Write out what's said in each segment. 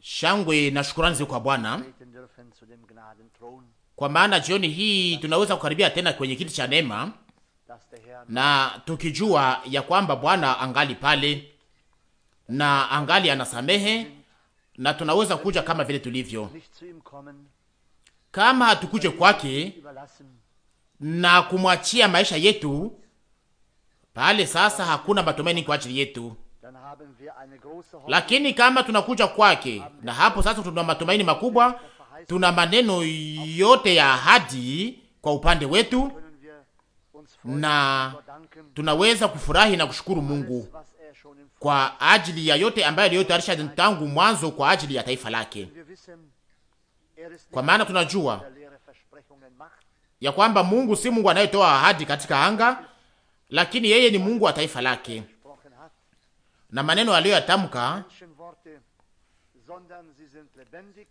Shangwe na shukurani kwa Bwana, kwa maana jioni hii tunaweza kukaribia tena kwenye kiti cha neema, na tukijua ya kwamba Bwana angali pale na angali anasamehe, na tunaweza kuja kama vile tulivyo. Kama hatukuje kwake na kumwachia maisha yetu pale, sasa hakuna matumaini kwa ajili yetu lakini kama tunakuja kwake, na hapo sasa tuna matumaini makubwa, tuna maneno yote ya ahadi kwa upande wetu, na tunaweza kufurahi na kushukuru Mungu kwa ajili ya yote ambayo aliyotayarisha tangu mwanzo kwa ajili ya taifa lake, kwa maana tunajua ya kwamba Mungu si Mungu anayetoa ahadi katika anga, lakini yeye ni Mungu wa taifa lake na maneno aliyoyatamka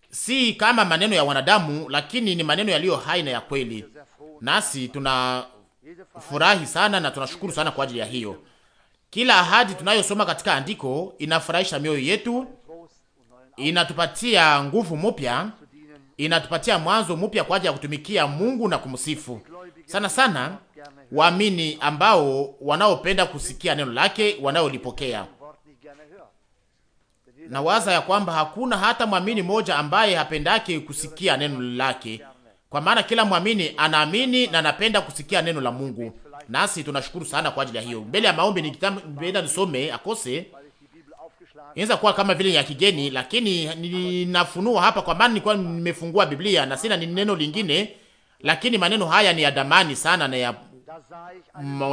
si kama maneno ya wanadamu, lakini ni maneno yaliyo hai na ya kweli. Nasi tunafurahi sana na tunashukuru sana kwa ajili ya hiyo. Kila ahadi tunayosoma katika andiko inafurahisha mioyo yetu, inatupatia nguvu mpya, inatupatia mwanzo mpya kwa ajili ya kutumikia Mungu na kumsifu sana sana. Waamini ambao wanaopenda kusikia neno lake wanaolipokea na waza ya kwamba hakuna hata mwamini mmoja ambaye hapendake kusikia neno lake, kwa maana kila mwamini anaamini na anapenda kusikia neno la Mungu. Nasi tunashukuru sana kwa ajili ya hiyo. Mbele ya maombi nikitaka nisome akose inaweza kuwa kama vile ya kigeni, lakini ninafunua hapa, kwa maana nilikuwa nimefungua Biblia na sina ni neno lingine, lakini maneno haya ni ya damani sana na ya,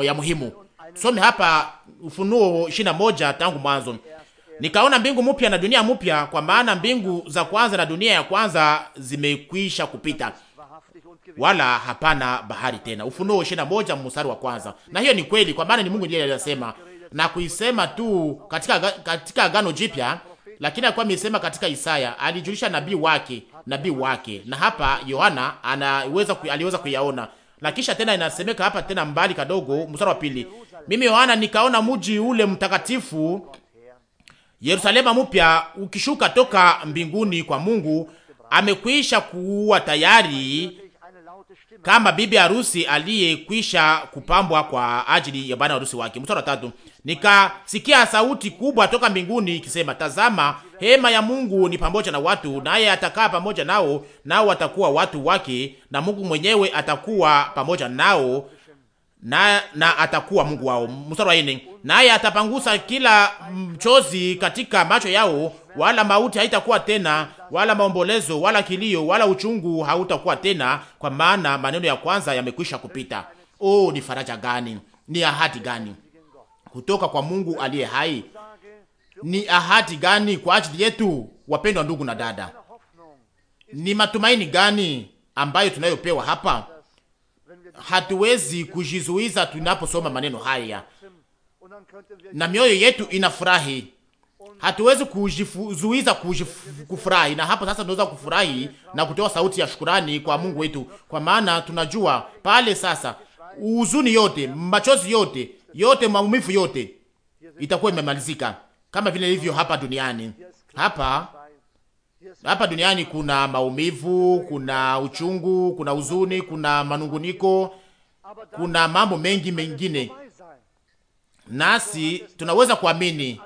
ya muhimu. Some hapa Ufunuo 21 tangu mwanzo. Nikaona mbingu mpya na dunia mpya, kwa maana mbingu za kwanza na dunia ya kwanza zimekwisha kupita, wala hapana bahari tena. Ufunuo ishirini na moja mstari wa kwanza. Na hiyo ni kweli, kwa maana ni Mungu ndiye aliyasema na kuisema tu katika katika Agano Jipya, lakini alikuwa ameisema katika Isaya, alijulisha nabii wake nabii wake, na hapa Yohana anaweza aliweza kuyaona na kisha tena inasemeka hapa tena mbali kadogo, mstari wa pili, mimi Yohana nikaona mji ule mtakatifu Yerusalema mpya ukishuka toka mbinguni kwa Mungu, amekwisha kuua tayari kama bibi harusi aliyekwisha kupambwa kwa ajili ya bwana harusi wake. Mstari wa tatu, nikasikia sauti kubwa toka mbinguni ikisema, tazama, hema ya Mungu ni pamoja na watu, naye atakaa pamoja nao, nao watakuwa watu wake, na Mungu mwenyewe atakuwa pamoja nao, na, na atakuwa Mungu wao. Mstari wa nne, naye atapangusa kila mchozi katika macho yao, wala mauti haitakuwa tena, wala maombolezo, wala kilio, wala uchungu hautakuwa tena, kwa maana maneno ya kwanza yamekwisha kupita. Oh, ni faraja gani! Ni ahadi gani kutoka kwa Mungu aliye hai! Ni ahadi gani kwa ajili yetu, wapendwa ndugu na dada! Ni matumaini gani ambayo tunayopewa hapa hatuwezi kujizuiza tunaposoma maneno haya na mioyo yetu inafurahi. Hatuwezi kujizuiza kufurahi, na hapo sasa tunaweza kufurahi na kutoa sauti ya shukurani kwa Mungu wetu, kwa maana tunajua pale sasa huzuni yote, machozi yote, yote maumivu yote itakuwa imemalizika, kama vile ilivyo hapa duniani hapa hapa duniani kuna maumivu, kuna uchungu, kuna huzuni, kuna manunguniko, kuna mambo mengi mengine, nasi tunaweza kuamini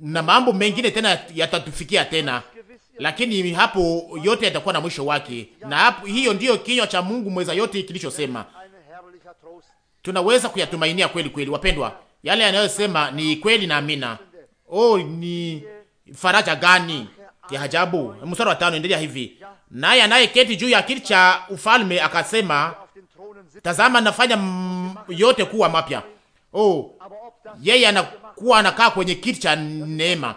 na mambo mengine tena yatatufikia tena, lakini hapo yote yatakuwa na mwisho wake, na hapo, hiyo ndiyo kinywa cha Mungu mweza yote kilichosema. Tunaweza kuyatumainia kweli kweli, wapendwa, yale yanayosema ni kweli na amina. Oh, ni faraja gani ya ajabu. Mstari wa tano endelea hivi, naye anayeketi juu ya kiti cha ufalme akasema, tazama nafanya yote kuwa mapya. Oh, yeye anakuwa anakaa kwenye kiti cha neema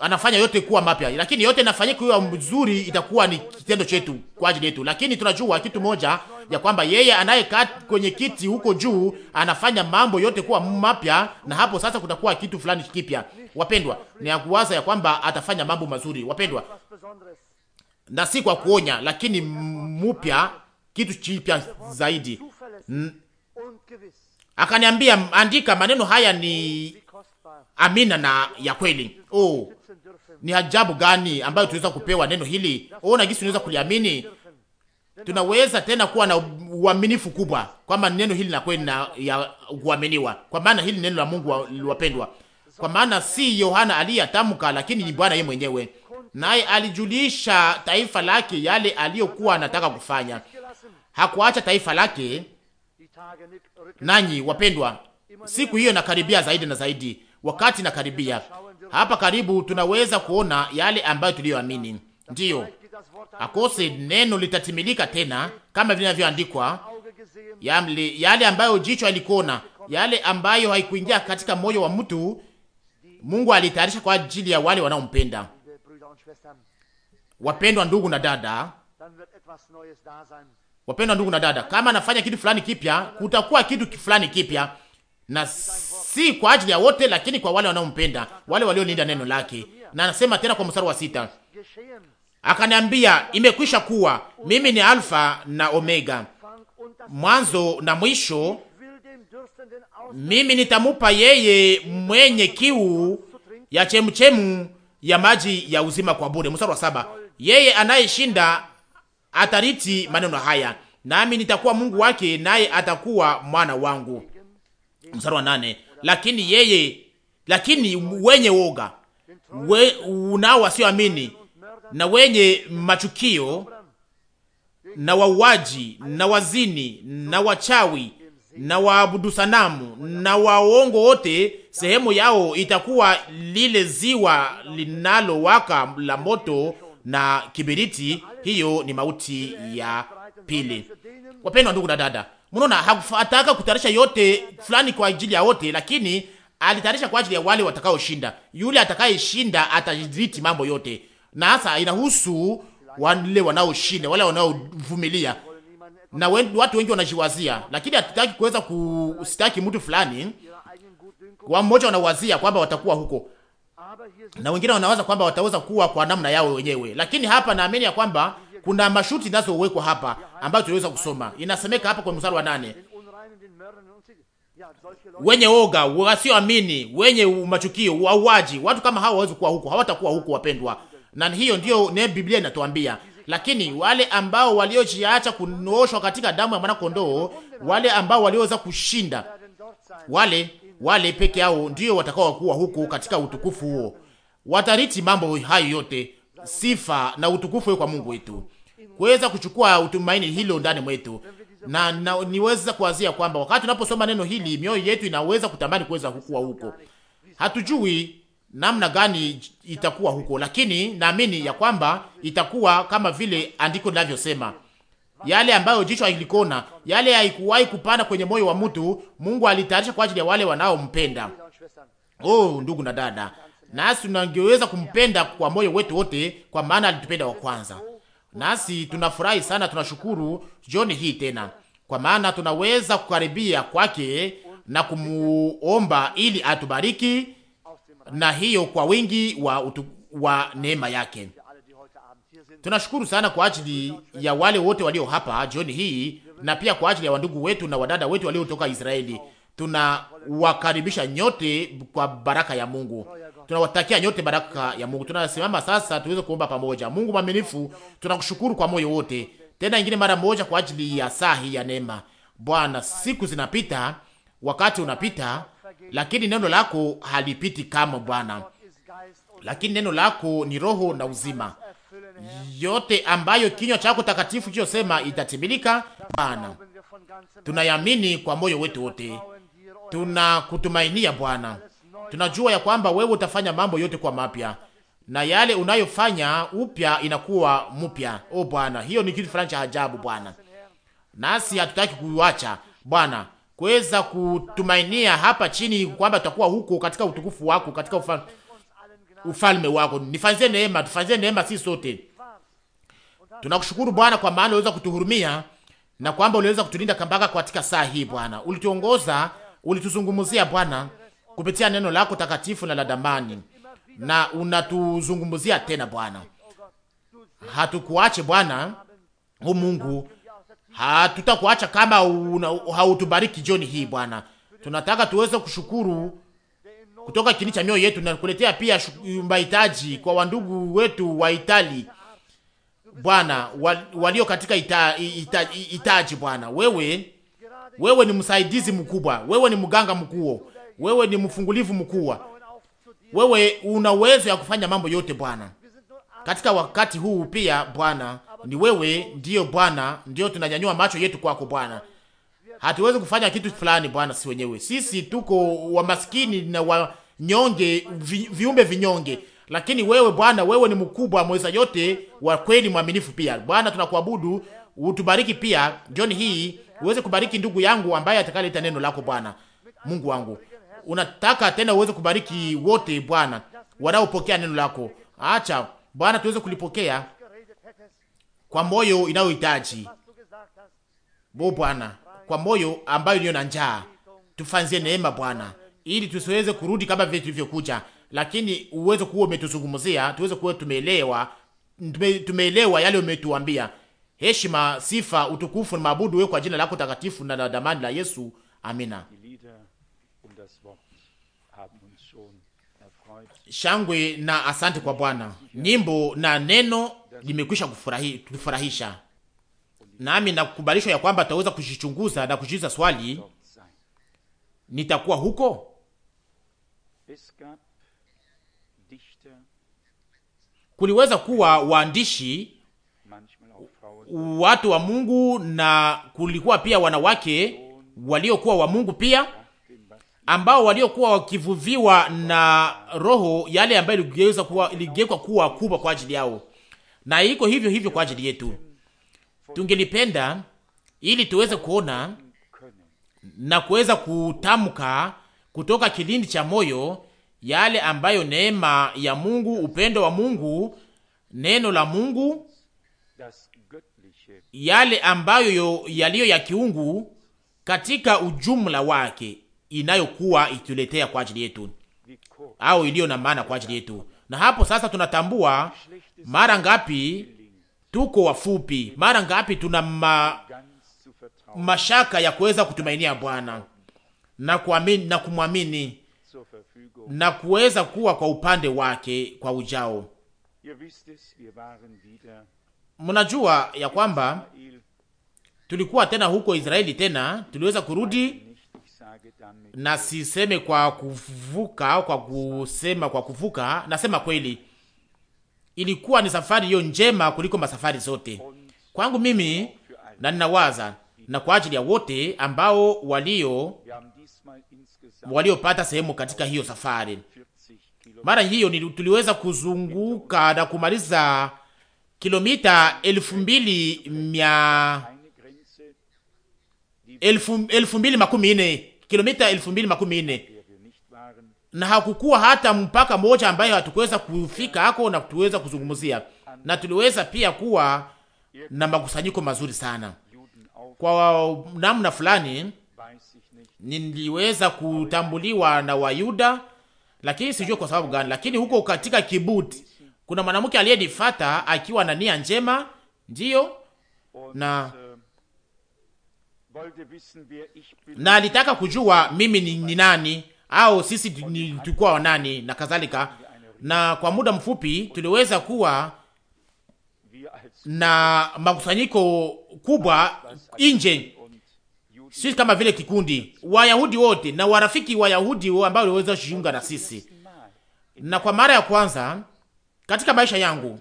anafanya yote kuwa mapya, lakini yote inafanyika kuwa mzuri, itakuwa ni kitendo chetu kwa ajili yetu. Lakini tunajua kitu moja ya kwamba yeye anaye kwenye kiti huko juu anafanya mambo yote kuwa mapya, na hapo sasa kutakuwa kitu fulani kipya. Wapendwa, ni ya kuwaza ya kwamba atafanya mambo mazuri, wapendwa, na si kwa kuonya, lakini mupya, kitu kipya zaidi. Akaniambia, andika maneno haya ni amina na ya kweli. Oh, ni ajabu gani ambayo tunaweza kupewa neno hili! Ona gisi tunaweza kuliamini. Tunaweza tena kuwa na uaminifu kubwa kwamba neno hili na kweli na ya kuaminiwa, kwa maana hili neno la Mungu wapendwa, kwa maana si Yohana aliyatamka, lakini ni Bwana yeye mwenyewe, naye alijulisha taifa lake yale aliyokuwa anataka kufanya. Hakuacha taifa lake. Nanyi wapendwa, siku hiyo nakaribia zaidi na zaidi, wakati nakaribia, hapa karibu tunaweza kuona yale ambayo tuliyoamini. Ndiyo, akose neno litatimilika tena kama vinavyoandikwa, yale ambayo jicho alikuona, yale ambayo haikuingia katika moyo wa mtu, Mungu alitayarisha kwa ajili ya wale wanaompenda. Wapendwa ndugu na dada, wapendwa ndugu na dada, kama anafanya kitu fulani kipya, kutakuwa kitu fulani kipya na si kwa ajili ya wote, lakini kwa wale wanaompenda, wale waliolinda neno lake. Na anasema tena kwa mstari wa sita, akaniambia imekwisha kuwa, mimi ni Alfa na Omega, mwanzo na mwisho. Mimi nitamupa yeye mwenye kiu ya chemchemu ya maji ya uzima kwa bure. Mstari wa saba, yeye anayeshinda atariti maneno haya, nami nitakuwa Mungu wake, naye atakuwa mwana wangu. Mstari wa nane, lakini yeye lakini wenye woga we, unao wasioamini na wenye machukio na wauaji na wazini na wachawi na waabudu sanamu na waongo wote, sehemu yao itakuwa lile ziwa linalowaka la moto na kibiriti. Hiyo ni mauti ya pili. Wapendwa ndugu na dada, Mnaona, hakutaka kutarisha yote fulani kwa ajili ya wote, lakini alitarisha kwa ajili ya wale watakaoshinda. Yule atakayeshinda atadhibiti mambo yote, na hasa inahusu wale wanaoshinda, wale wanaovumilia. Na watu wengi wanajiwazia, lakini hatutaki kuweza kustaki mtu fulani wa mmoja, wanawazia kwamba watakuwa huko na wengine wanawaza kwamba wataweza kuwa kwa namna yao wenyewe, lakini hapa naamini ya kwamba kuna mashuti zinazowekwa hapa ambayo tunaweza kusoma. Inasemeka hapa kwa mstari wa nane, wenye oga, wasioamini, wenye machukio, wauaji, watu kama hao hawawezi kuwa huko, hawatakuwa huko wapendwa, na hiyo ndiyo ne Biblia inatuambia. Lakini wale ambao waliojiacha kunoshwa katika damu ya mwana kondoo, wale ambao walioweza kushinda, wale wale peke yao ndio watakao kuwa huko katika utukufu huo, watariti mambo hayo yote. Sifa na utukufu kwa Mungu wetu, kuweza kuchukua utumaini hilo ndani mwetu na, na niweza kuwazia kwamba wakati tunaposoma neno hili mioyo yetu inaweza kutamani kuweza kukua huko. Hatujui namna gani itakuwa huko, lakini naamini ya kwamba itakuwa kama vile andiko linavyosema yale ambayo jicho ilikona yale haikuwahi kupanda kwenye moyo wa mtu, Mungu alitayarisha kwa ajili ya wale wanaompenda. Oh, ndugu na dada, nasi tunangeweza kumpenda kwa moyo wetu wote, kwa maana alitupenda wa kwanza. Nasi tunafurahi sana, tunashukuru jioni hii tena, kwa maana tunaweza kukaribia kwake na kumuomba ili atubariki na hiyo kwa wingi wa, utu, wa neema yake. Tunashukuru sana kwa ajili ya wale wote walio hapa jioni hii na pia kwa ajili ya wandugu wetu na wadada wetu waliotoka Israeli. Tunawakaribisha nyote kwa baraka ya Mungu. Tunawatakia nyote baraka ya Mungu. Tunasimama sasa tuweze kuomba pamoja. Mungu mwaminifu, tunakushukuru kwa moyo wote. Tena ingine mara moja kwa ajili ya saa hii ya neema. Bwana, siku zinapita, wakati unapita, lakini neno lako halipiti kama Bwana. Lakini neno lako ni roho na uzima yote ambayo kinywa chako takatifu kilichosema itatimilika. Bwana, tunayamini kwa moyo wetu wote, tunakutumainia Bwana. Tunajua ya kwamba wewe utafanya mambo yote kwa mapya, na yale unayofanya upya inakuwa mpya. O Bwana, hiyo ni kitu fulani cha ajabu Bwana, nasi hatutaki kuiacha Bwana, kuweza kutumainia hapa chini kwamba tutakuwa huko katika utukufu wako, katika ufalme wako. Nifanzie neema, tufanzie neema sisi sote Tunakushukuru Bwana kwa maana uliweza kutuhurumia na kwamba uliweza kutulinda kambaka katika saa hii Bwana. Ulituongoza, ulituzungumzia Bwana kupitia neno lako takatifu na la damani. Na unatuzungumzia tena Bwana. Hatukuache Bwana, o Mungu. Hatutakuacha kama hautubariki jioni hii Bwana. Tunataka tuweze kushukuru kutoka kini cha mioyo yetu na kuletea pia mahitaji kwa wandugu wetu wa Italia Bwana walio katika ita, ita, ita, itaji Bwana, wewe wewe ni msaidizi mkubwa, wewe ni mganga mkuu, wewe ni mfungulivu mkuu, wewe una uwezo ya kufanya mambo yote Bwana. Katika wakati huu pia Bwana, ni wewe ndiyo Bwana, ndiyo tunanyanyua macho yetu kwako Bwana. Hatuwezi kufanya kitu fulani Bwana, si wenyewe sisi, tuko wa maskini na wanyonge, vi, viumbe vinyonge lakini wewe Bwana, wewe ni mkubwa mweza yote, wa kweli mwaminifu pia. Bwana, tunakuabudu, utubariki pia jioni hii, uweze kubariki ndugu yangu ambaye atakaleta neno lako Bwana. Mungu wangu, unataka tena uweze kubariki wote Bwana wanaopokea neno lako. Acha Bwana tuweze kulipokea kwa moyo inayohitaji bo Bwana, kwa moyo ambayo iliyo na njaa. Tufanzie neema Bwana, ili tusiweze kurudi kama vile tulivyokuja, lakini uweze kuwa umetuzungumzia, tuweze kuwa tumeelewa, tumeelewa yale umetuambia. Heshima, sifa, utukufu na mabudu wewe kwa jina lako takatifu na la damani la Yesu. Amina. Um Shangwe na asante kwa Bwana. Nyimbo na neno limekwisha kufurahisha nami na kukubalishwa ya kwamba tutaweza kujichunguza na kujiuliza swali, nitakuwa huko kuliweza kuwa waandishi, watu wa Mungu, na kulikuwa pia wanawake waliokuwa wa Mungu pia ambao waliokuwa wakivuviwa na roho yale ambayo iligeuza kuwa iligeuka kuwa kubwa kwa ajili yao, na iko hivyo hivyo kwa ajili yetu. Tungelipenda ili tuweze kuona na kuweza kutamka kutoka kilindi cha moyo yale ambayo neema ya Mungu, upendo wa Mungu, neno la Mungu, yale ambayo yaliyo ya kiungu katika ujumla wake inayokuwa ituletea kwa ajili yetu au iliyo na maana kwa ajili yetu. Na hapo sasa tunatambua mara ngapi tuko wafupi, mara ngapi tuna ma, mashaka ya kuweza kutumainia Bwana na kuamini na kumwamini na kuweza kuwa kwa upande wake kwa ujao. Mnajua ya kwamba tulikuwa tena huko Israeli, tena tuliweza kurudi, na siseme kwa kuvuka, kwa kusema kwa kuvuka, nasema kweli, ilikuwa ni safari hiyo njema kuliko masafari zote kwangu mimi, na ninawaza na kwa ajili ya wote ambao walio waliopata sehemu katika hiyo safari. Mara hiyo tuliweza kuzunguka na kumaliza kilomita elfu mbili mia elfu, elfu mbili makumi nne kilomita elfu mbili makumi nne na hakukuwa hata mpaka moja ambayo hatukuweza kufika hako na tuweza kuzungumzia, na tuliweza pia kuwa na makusanyiko mazuri sana kwa namna fulani niliweza kutambuliwa na Wayuda, lakini sijui kwa sababu gani. Lakini huko katika Kibuti kuna mwanamke aliyenifata akiwa na nia njema, ndiyo na na alitaka kujua mimi ni, ni nani au sisi tulikuwa wanani nani na kadhalika. Na kwa muda mfupi tuliweza kuwa na makusanyiko kubwa nje sisi kama vile kikundi Wayahudi wote na warafiki Wayahudi ambao waliweza kujiunga na sisi. Na kwa mara ya kwanza katika maisha yangu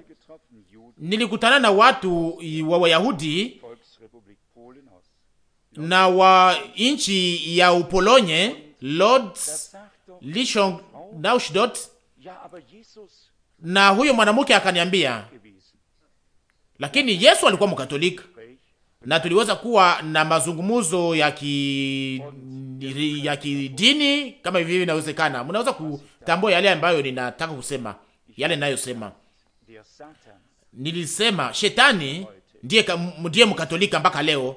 nilikutana na watu wa Wayahudi na wa nchi ya Upolonye, Lodz, Lishong, Naushdot. Na huyo mwanamke akaniambia, lakini Yesu alikuwa Mkatolika na tuliweza kuwa na mazungumzo ya ki ya kidini kama hivi inawezekana. Mnaweza kutambua yale ambayo ninataka kusema, yale ninayosema. Nilisema shetani ndiye ndiye mkatolika mpaka leo.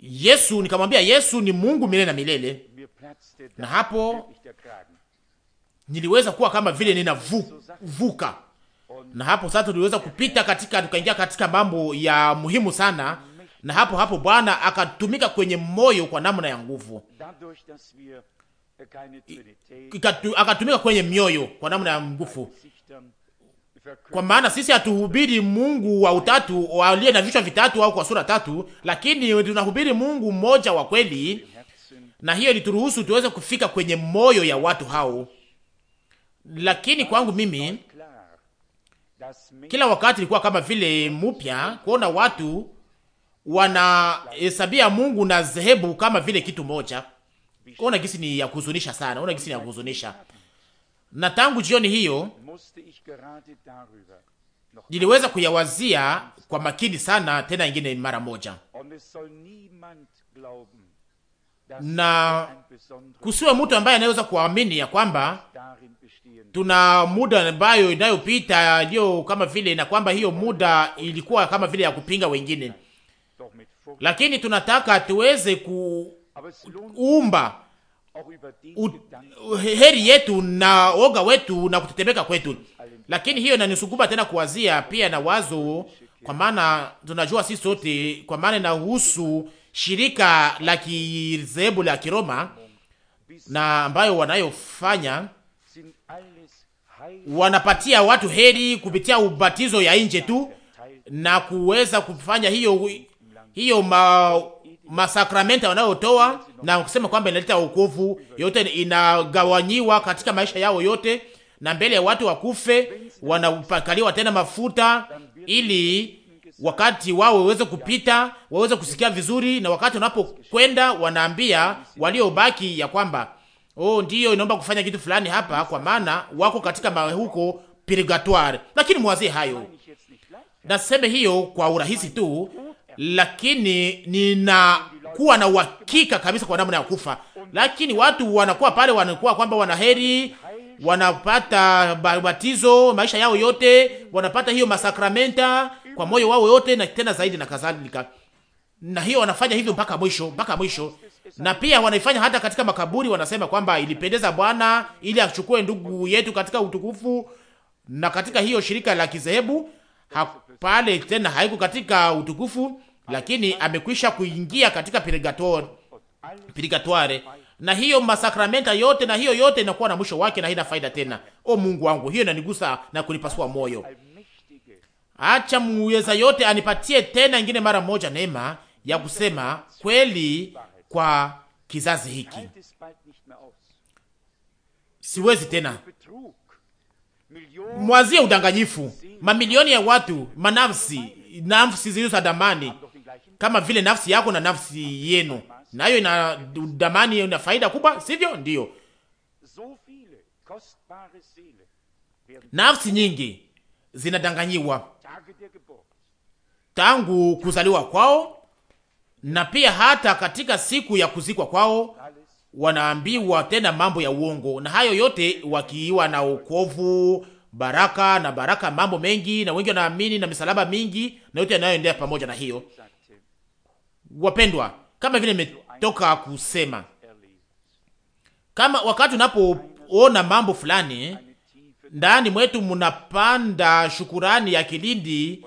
Yesu, nikamwambia Yesu ni Mungu milele na milele, na hapo niliweza kuwa kama vile ninavuka, na hapo sasa tuliweza kupita katika, tukaingia katika mambo ya muhimu sana na hapo hapo Bwana akatumika kwenye moyo kwa namna ya nguvu, akatumika kwenye mioyo kwa namna ya nguvu, ähm, kwa maana sisi hatuhubiri Mungu wa utatu aliye na vichwa vitatu au kwa sura tatu, lakini tunahubiri Mungu mmoja wa kweli, na hiyo ilituruhusu tuweze kufika kwenye moyo ya watu hao. Lakini kwangu mimi kila wakati ilikuwa kama vile mupya kuona watu wanahesabia Mungu na zehebu kama vile kitu moja. Ona gisi ni ya kuhuzunisha sana, ona gisi ni ya kuhuzunisha. Na tangu jioni hiyo niliweza kuyawazia kwa makini sana, tena ingine mara moja, na kusiwe mtu ambaye anaweza kuamini ya kwamba tuna muda ambayo inayopita iliyo kama vile, na kwamba hiyo muda ilikuwa kama vile ya kupinga wengine lakini tunataka tuweze kuumba heri yetu na oga wetu na kutetemeka kwetu, lakini hiyo inanisukuma tena kuwazia pia na wazo, kwa maana tunajua sisi sote, kwa maana inahusu shirika la kizebu la Kiroma na ambayo wanayofanya wanapatia watu heri kupitia ubatizo ya nje tu na kuweza kufanya hiyo hiyo ma, masakramenta wanayotoa na kusema kwamba inaleta wokovu, yote inagawanyiwa katika maisha yao yote, na mbele ya watu wakufe wanapakaliwa tena mafuta ili wakati wao waweze kupita waweze kusikia vizuri, na wakati wanapokwenda wanaambia waliobaki ya kwamba oh, ndiyo inaomba kufanya kitu fulani hapa, kwa maana wako katika mawe huko purgatoire. Lakini mwazie hayo, naseme hiyo kwa urahisi tu, lakini nina kuwa na uhakika kabisa kwa namna ya kufa. Lakini watu wanakuwa pale, wanakuwa kwamba wanaheri, wanapata batizo maisha yao yote, wanapata hiyo masakramenta kwa moyo wao yote, na tena zaidi na kadhalika, na hiyo wanafanya hivyo mpaka mwisho, mpaka mwisho. Na pia wanaifanya hata katika makaburi, wanasema kwamba ilipendeza Bwana ili achukue ndugu yetu katika utukufu na katika hiyo shirika la kizehebu pale tena haiko katika utukufu, lakini amekwisha kuingia katika purgatory purgatoire, na hiyo masakramenta yote na hiyo yote inakuwa na mwisho wake na haina faida tena. O Mungu wangu, hiyo inanigusa na kunipasua moyo. Acha muweza yote anipatie tena ingine mara moja neema ya kusema kweli kwa kizazi hiki. Siwezi tena mwazie udanganyifu mamilioni ya watu, manafsi, nafsi zilizo damani, kama vile nafsi yako na nafsi yenu, nayo ina damani, ina faida kubwa, sivyo? Ndiyo, nafsi nyingi zinadanganyiwa tangu kuzaliwa kwao, na pia hata katika siku ya kuzikwa kwao wanaambiwa tena mambo ya uongo, na hayo yote wakiwa na ukovu baraka na baraka, mambo mengi, na wengi wanaamini na misalaba mingi na yote yanayoendea pamoja na hiyo. Wapendwa, kama vile nimetoka kusema, kama wakati unapoona mambo fulani ndani mwetu, mnapanda shukurani ya kilindi,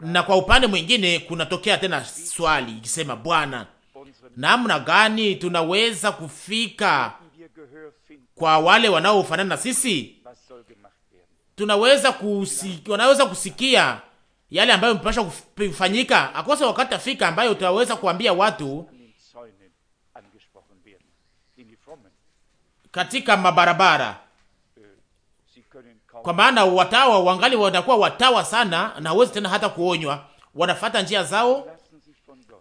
na kwa upande mwingine kunatokea tena swali ikisema, Bwana, namna gani tunaweza kufika kwa wale wanaofanana na sisi, tunaweza kusikia, wanaweza kusikia yale ambayo mpasha kufanyika, akose wakati afika ambayo utaweza kuambia watu katika mabarabara, kwa maana watawa wangali wanakuwa watawa sana na hawezi tena hata kuonywa, wanafata njia zao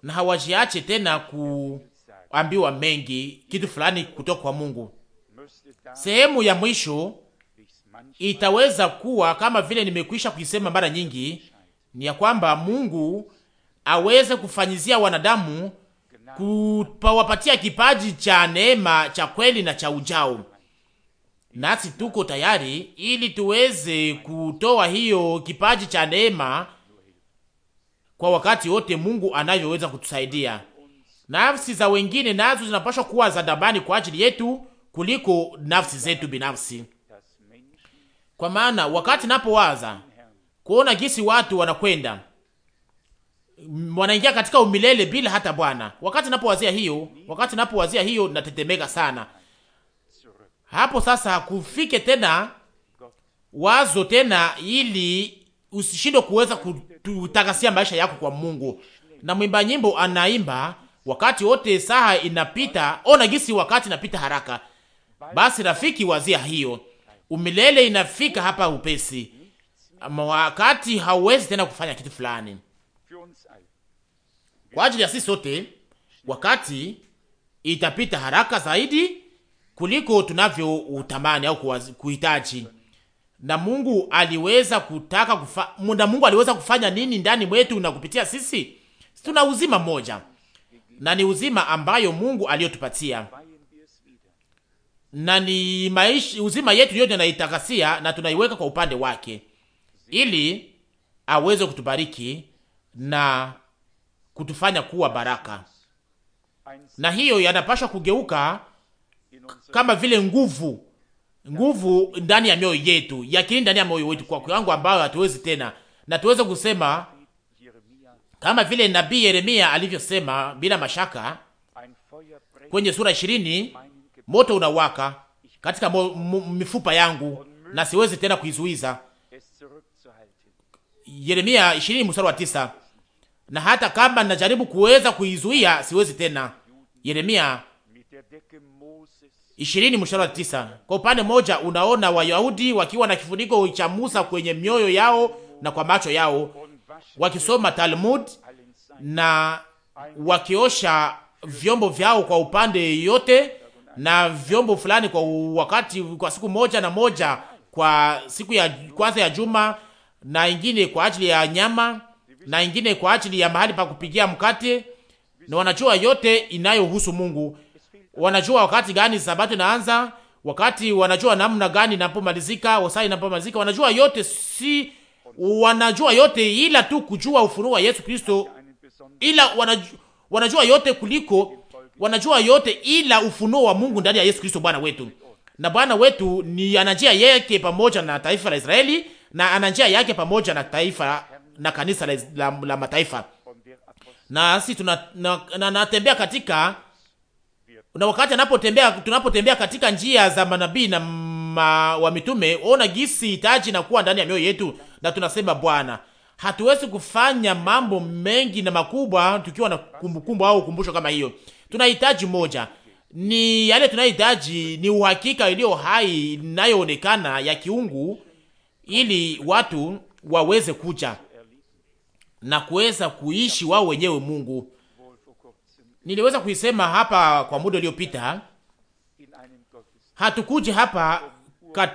na hawajiache tena kuambiwa mengi kitu fulani kutoka kwa Mungu. Sehemu ya mwisho itaweza kuwa kama vile nimekwisha kuisema mara nyingi, ni ya kwamba Mungu aweze kufanyizia wanadamu kupawapatia kipaji cha neema cha kweli na cha ujao, nasi tuko tayari ili tuweze kutoa hiyo kipaji cha neema kwa wakati wote Mungu anavyoweza kutusaidia. Nafsi za wengine nazo zinapaswa kuwa za dabani kwa ajili yetu kuliko nafsi zetu binafsi, kwa maana wakati napowaza kuona gisi watu wanakwenda mm, wanaingia katika umilele bila hata Bwana, wakati napowazia hiyo, wakati napowazia hiyo natetemeka sana. Hapo sasa kufike tena wazo tena, ili usishindwe kuweza kutakasia maisha yako kwa Mungu. Na mwimba nyimbo anaimba wakati wote, saa inapita, ona gisi wakati inapita haraka. Basi rafiki, wazia hiyo, umilele inafika hapa upesi, wakati hauwezi tena kufanya kitu fulani kwa ajili ya sisi sote. Wakati itapita haraka zaidi kuliko tunavyo utamani au kuhitaji. Na Mungu aliweza kutaka kufa, na Mungu aliweza kufanya nini ndani mwetu na kupitia sisi? Tuna uzima mmoja na ni uzima ambayo Mungu aliyotupatia na ni maisha uzima yetu yote naitakasia na tunaiweka kwa upande wake, ili aweze kutubariki na kutufanya kuwa baraka, na hiyo yanapaswa kugeuka kama vile nguvu nguvu ndani ya mioyo yetu, yakini ndani ya moyo wetu, kwa kiwango ambayo hatuwezi tena, na tuweze kusema kama vile nabii Yeremia alivyosema bila mashaka kwenye sura ishirini moto unawaka katika mo, m, mifupa yangu na siwezi tena kuizuiza. Yeremia 20 mstari wa tisa. Na hata kama ninajaribu kuweza kuizuia siwezi tena. Yeremia 20 mstari wa tisa. Kwa upande moja unaona Wayahudi wakiwa na kifuniko cha Musa kwenye mioyo yao na kwa macho yao wakisoma Talmud na wakiosha vyombo vyao kwa upande yote na vyombo fulani kwa wakati, kwa siku moja na moja kwa siku ya kwanza ya juma, na ingine kwa ajili ya nyama, na ingine kwa ajili ya mahali pa kupigia mkate, na wanajua yote inayohusu Mungu. Wanajua wakati gani sabato inaanza, wakati wanajua namna gani inapomalizika, wasaa inapomalizika, wanajua yote, si wanajua yote ila tu kujua ufunuo wa Yesu Kristo, ila wanajua, wanajua yote kuliko wanajua yote ila ufunuo wa Mungu ndani ya Yesu Kristo Bwana wetu. Na Bwana wetu ni ana njia yake pamoja na taifa la Israeli na ana njia yake pamoja na taifa na kanisa la, la, la mataifa. Na sisi tunatembea na, katika na wakati anapotembea tunapotembea katika njia za manabii na ma, wa mitume, ona gisi itaji na kuwa ndani ya mioyo yetu, na tunasema Bwana, hatuwezi kufanya mambo mengi na makubwa tukiwa na kumbukumbu au kumbusho kama hiyo tunahitaji moja ni yale tunahitaji ni uhakika iliyo hai inayoonekana ya kiungu, ili watu waweze kuja na kuweza kuishi wao wenyewe Mungu. Niliweza kuisema hapa kwa muda uliopita, hatukuji hapa kat...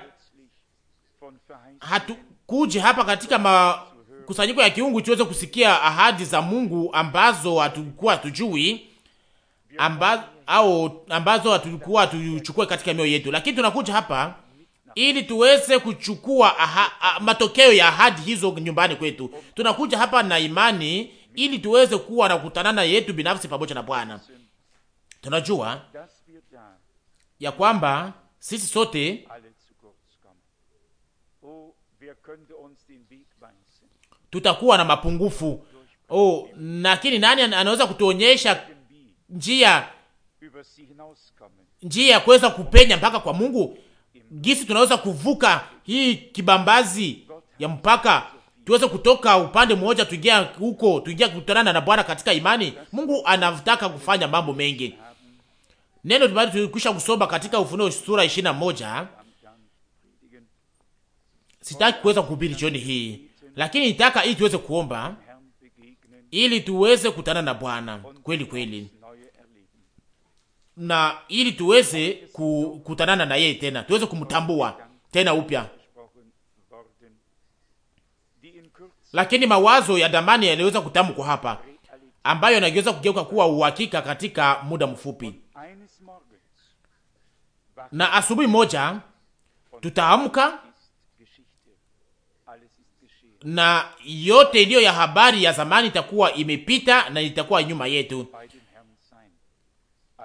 hatukuji hapa katika makusanyiko ya kiungu tuweze kusikia ahadi za Mungu ambazo hatukuwa hatujui ambazo, ambazo hatukuwa tuchukue katika mioyo yetu, lakini tunakuja hapa ili tuweze kuchukua aha, a, matokeo ya ahadi hizo nyumbani kwetu. Tunakuja hapa na imani ili tuweze kuwa na kutanana yetu binafsi pamoja na Bwana. Tunajua ya kwamba sisi sote tutakuwa na mapungufu. Oh, lakini nani anaweza kutuonyesha njia njia ya kuweza kupenya mpaka kwa Mungu, gisi tunaweza kuvuka hii kibambazi ya mpaka, tuweze kutoka upande mmoja tuingia huko, tuingia kutanana na Bwana katika imani. Mungu anataka kufanya mambo mengi. Neno bado tulikwisha kusoma katika Ufunuo sura 21. Sitaki kuweza kuhubiri jioni hii, lakini nitaka ili tuweze kuomba ili tuweze kutana na Bwana kweli kweli na ili tuweze kukutanana na yeye tena, tuweze kumtambua tena upya. Lakini mawazo ya damani yaliweza kutamkwa hapa, ambayo yanageuza kugeuka kuwa uhakika katika muda mfupi. Na asubuhi moja tutaamka na yote iliyo ya habari ya zamani itakuwa imepita na itakuwa nyuma yetu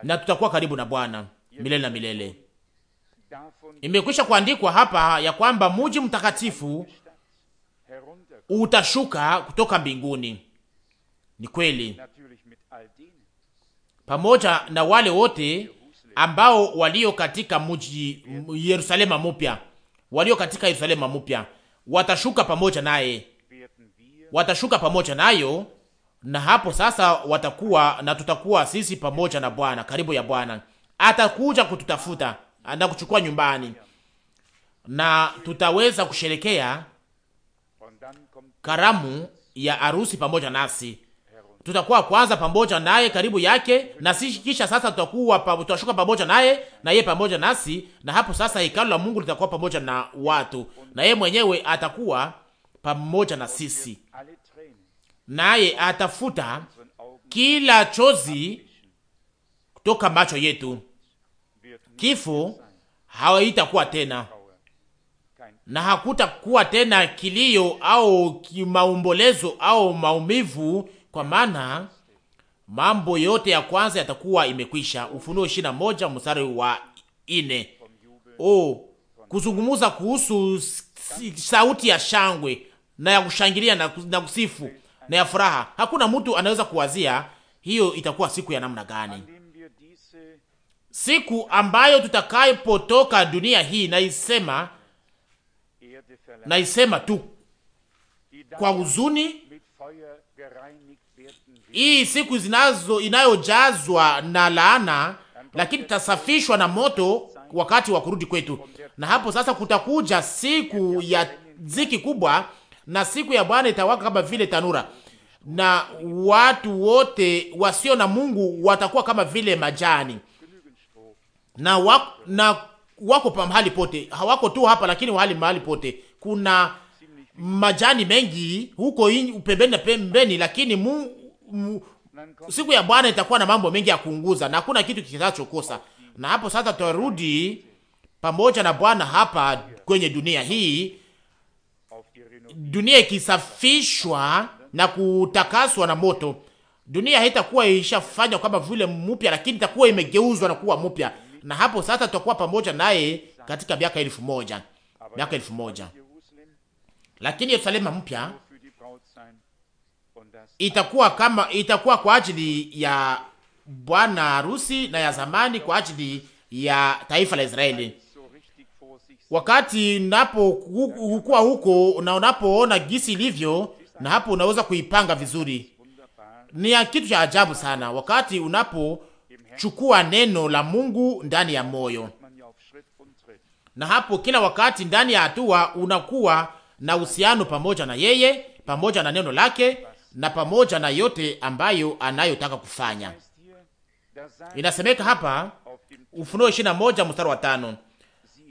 na tutakuwa karibu na Bwana milele na milele. Imekwisha kuandikwa hapa ya kwamba muji mtakatifu utashuka kutoka mbinguni. Ni kweli, pamoja na wale wote ambao walio katika muji Yerusalema mupya, walio katika Yerusalema mupya watashuka pamoja naye, watashuka pamoja nayo na hapo sasa watakuwa na tutakuwa sisi pamoja na Bwana, karibu ya Bwana. Atakuja kututafuta na kuchukua nyumbani, na tutaweza kusherekea karamu ya arusi pamoja nasi. Tutakuwa kwanza pamoja naye karibu yake, na sisi kisha sasa tutakuwa pa, tutashuka pamoja naye na yeye pamoja nasi, na hapo sasa hekalu la Mungu litakuwa pamoja na watu, na yeye mwenyewe atakuwa pamoja na sisi naye atafuta kila chozi kutoka macho yetu. Kifo hawaitakuwa tena na hakutakuwa tena kilio au maombolezo au maumivu, kwa maana mambo yote ya kwanza yatakuwa imekwisha. Ufunuo ishirini na moja mstari wa ine. O, kuzungumuza kuhusu sauti ya shangwe na ya kushangilia na kusifu na ya furaha. Hakuna mtu anaweza kuwazia hiyo itakuwa siku ya namna gani, siku ambayo tutakapotoka dunia hii. Naisema, naisema tu kwa huzuni, hii siku zinazo inayojazwa na laana, lakini tutasafishwa na moto wakati wa kurudi kwetu, na hapo sasa kutakuja siku ya ziki kubwa na siku ya Bwana itawaka kama vile tanura, na watu wote wasio na Mungu watakuwa kama vile majani na wako, na wako mahali pote, hawako tu hapa, lakini wahali mahali pote. Kuna majani mengi huko pembeni na pembeni, lakini mu, mu, siku ya Bwana itakuwa na mambo mengi ya kuunguza na hakuna kitu kitachokosa. Na hapo sasa tutarudi pamoja na Bwana hapa kwenye dunia hii dunia ikisafishwa na kutakaswa na moto, dunia haitakuwa ishafanywa kama vile mpya, lakini itakuwa imegeuzwa na kuwa mpya, na hapo sasa tutakuwa pamoja naye katika miaka elfu moja miaka elfu moja. Lakini Yerusalema mpya itakuwa kama itakuwa kwa ajili ya bwana harusi na ya zamani kwa ajili ya taifa la Israeli wakati unapokuwa huko na unapoona gisi ilivyo, na hapo unaweza kuipanga vizuri. Ni ya kitu cha ajabu sana, wakati unapochukua neno la Mungu ndani ya moyo, na hapo kila wakati ndani ya hatua unakuwa na uhusiano pamoja na yeye, pamoja na neno lake, na pamoja na yote ambayo anayotaka kufanya. Inasemeka hapa Ufunuo 21 mstari wa tano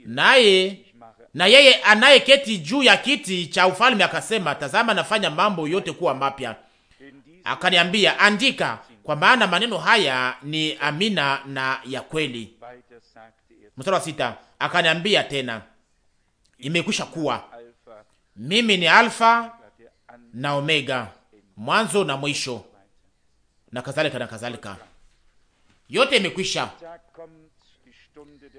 naye na yeye anayeketi juu ya kiti cha ufalme akasema, tazama nafanya mambo yote kuwa mapya. Akaniambia, andika, kwa maana maneno haya ni amina na ya kweli. Mstari wa sita, akaniambia tena, imekwisha kuwa. Mimi ni Alfa na Omega, mwanzo na mwisho, na kadhalika na kadhalika. Yote imekwisha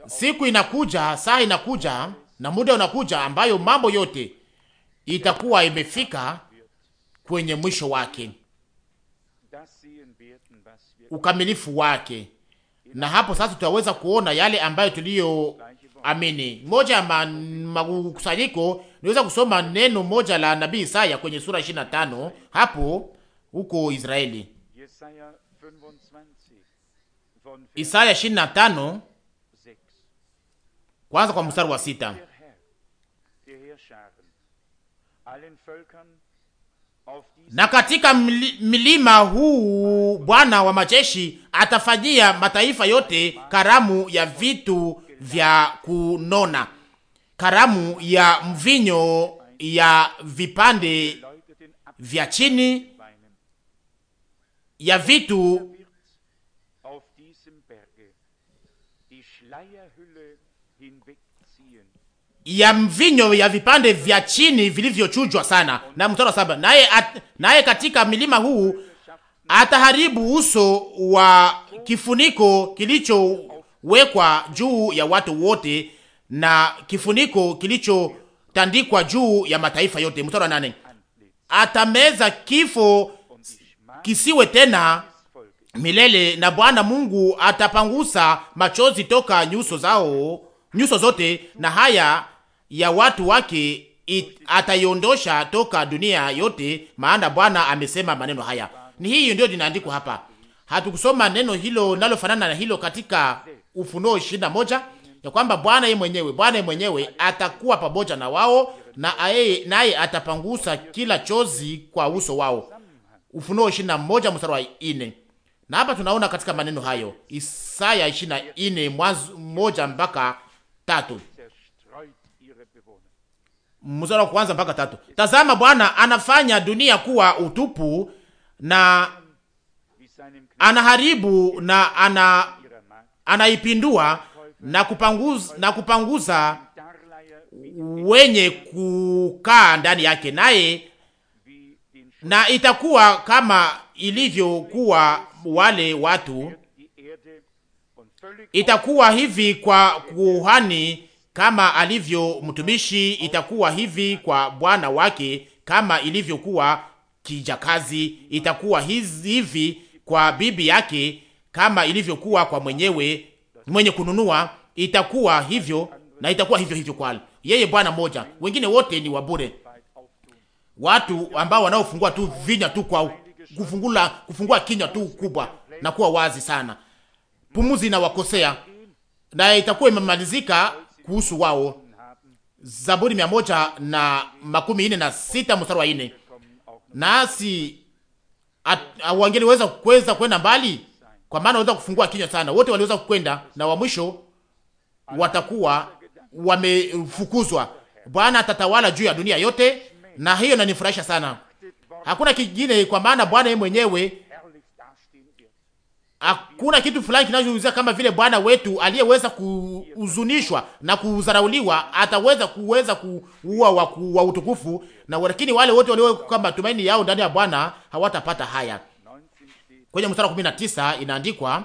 siku inakuja, saa inakuja na muda unakuja ambayo mambo yote itakuwa imefika kwenye mwisho wake, ukamilifu wake, na hapo sasa tutaweza kuona yale ambayo amini Moja ya makusanyiko niweza kusoma neno moja la nabii Isaya kwenye sura 25 hapo huko Israeli, Isaya 25 kwanza kwa mstari wa sita na katika milima huu Bwana wa majeshi atafanyia mataifa yote karamu ya vitu vya kunona, karamu ya mvinyo ya vipande vya chini ya vitu ya mvinyo ya vipande vya chini vilivyochujwa sana. Na mstari wa saba, naye naye katika milima huu ataharibu uso wa kifuniko kilichowekwa juu ya watu wote na kifuniko kilichotandikwa juu ya mataifa yote. Mstari wa nane, atameza kifo kisiwe tena milele, na Bwana Mungu atapangusa machozi toka nyuso zao nyuso zote, na haya ya watu wake ataiondosha toka dunia yote, maana Bwana amesema maneno haya. Ni hii ndio linaandikwa hapa. Hatukusoma neno hilo nalofanana na hilo katika Ufunuo ishirini na moja ya kwamba Bwana yeye mwenyewe, Bwana yeye mwenyewe atakuwa pamoja na wao na aye, naye atapangusa kila chozi kwa uso wao. Ufunuo 21 mstari wa 4. Na hapa tunaona katika maneno hayo Isaya 24 mwanzo moja mpaka tatu mstari wa kwanza mpaka tatu. Tazama, Bwana anafanya dunia kuwa utupu na anaharibu na ana anaipindua na kupanguza, na kupanguza wenye kukaa ndani yake, naye na itakuwa kama ilivyokuwa wale watu, itakuwa hivi kwa kuhani kama alivyo mtumishi, itakuwa hivi kwa bwana wake, kama ilivyokuwa kijakazi, itakuwa hivi kwa bibi yake, kama ilivyokuwa kwa mwenyewe mwenye kununua, itakuwa hivyo na itakuwa hivyo hivyo kwa yeye Bwana moja. Wengine wote ni wabure, watu ambao wanaofungua tu vinya tu kwa kufungula kufungua kinywa tu kubwa na kuwa wazi sana, pumuzi na wakosea, na itakuwa imemalizika kuhusu wao. Zaburi mia moja na makumi ine na sita mstari wa ine. Nasi wangeliweza kuweza kwenda mbali, kwa maana waweza kufungua kinywa sana. Wote waliweza kukwenda na wa mwisho watakuwa wamefukuzwa. Bwana atatawala juu ya dunia yote, na hiyo nanifurahisha sana. Hakuna kingine, kwa maana Bwana yeye mwenyewe Hakuna kitu fulani kinachouzia kama vile Bwana wetu aliyeweza kuhuzunishwa na kuzarauliwa ataweza kuweza kuua wa, wa utukufu na lakini wale wote walioweka kama tumaini yao ndani ya Bwana hawatapata haya. Kwenye mstari wa 19 inaandikwa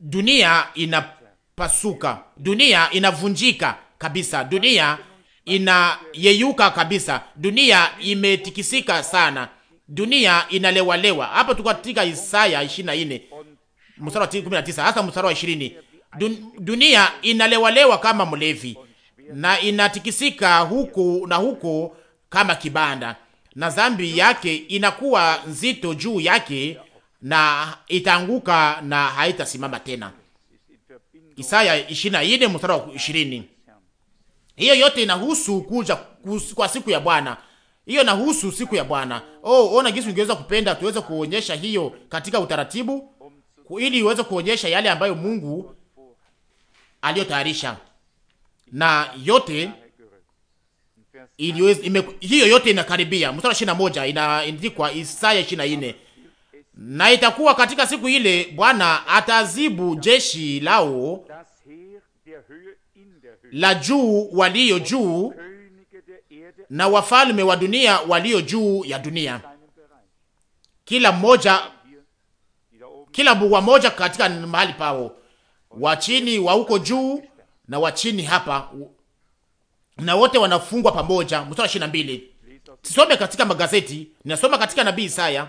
dunia inapasuka, dunia inavunjika kabisa, dunia inayeyuka kabisa, dunia imetikisika sana dunia inalewalewa. Hapo tuko katika Isaya 24 mstari wa 19 hasa mstari wa 20. dunia inalewalewa kama mlevi na inatikisika huku na huko kama kibanda, na dhambi yake inakuwa nzito juu yake na itaanguka na haitasimama tena. Isaya 24 mstari wa 20. Hiyo yote inahusu kuja kwa siku ya Bwana hiyo nahusu siku ya Bwana. Oh, ona jinsi ungeweza kupenda tuweze kuonyesha hiyo katika utaratibu ili uweze kuonyesha yale ambayo Mungu aliyotayarisha. Na yote iliweza ime, hiyo yote inakaribia. Mstari moja inaandikwa Isaya 24. Na itakuwa katika siku ile Bwana atazibu jeshi lao la juu walio juu na wafalme wa dunia walio juu ya dunia. Kila mmoja kila mbwa moja katika mahali pao, wa chini wa huko juu na wa chini hapa, na wote wanafungwa pamoja. Mstari wa ishirini na mbili tusome katika magazeti, ninasoma katika nabii Isaya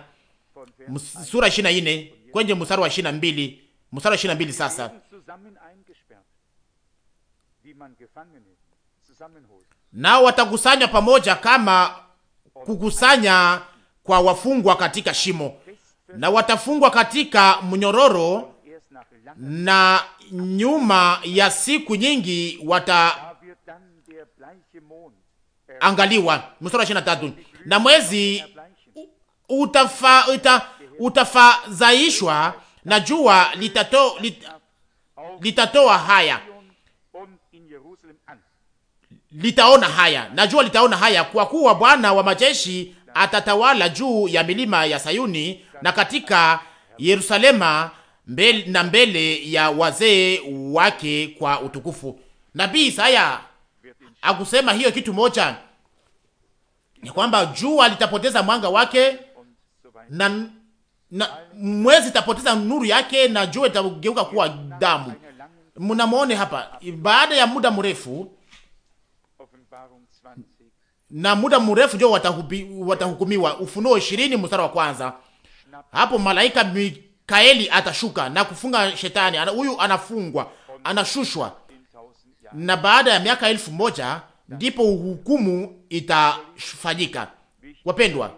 sura ishirini na nne kwenye mstari wa ishirini na mbili mstari wa ishirini na mbili Sasa nao watakusanywa pamoja kama kukusanya kwa wafungwa katika shimo, na watafungwa katika mnyororo, na nyuma ya siku nyingi wataangaliwa. Mstari ishirini na tatu, na mwezi utafa, uta, utafazaishwa na jua litato, lit, litatoa haya litaona haya na jua litaona haya, kwa kuwa Bwana wa majeshi atatawala juu ya milima ya Sayuni na katika Yerusalema mbele, na mbele ya wazee wake kwa utukufu. Nabii Isaya akusema hiyo kitu moja ni kwamba jua litapoteza mwanga wake na, na mwezi itapoteza nuru yake na jua itageuka kuwa damu. mnamwone hapa baada ya muda mrefu na muda mrefu ndio watahukumiwa. Ufunuo ishirini mstari wa kwanza. Hapo malaika Mikaeli atashuka na kufunga shetani huyu, ana, anafungwa anashushwa, na baada ya miaka elfu moja ndipo uhukumu itafanyika. Wapendwa,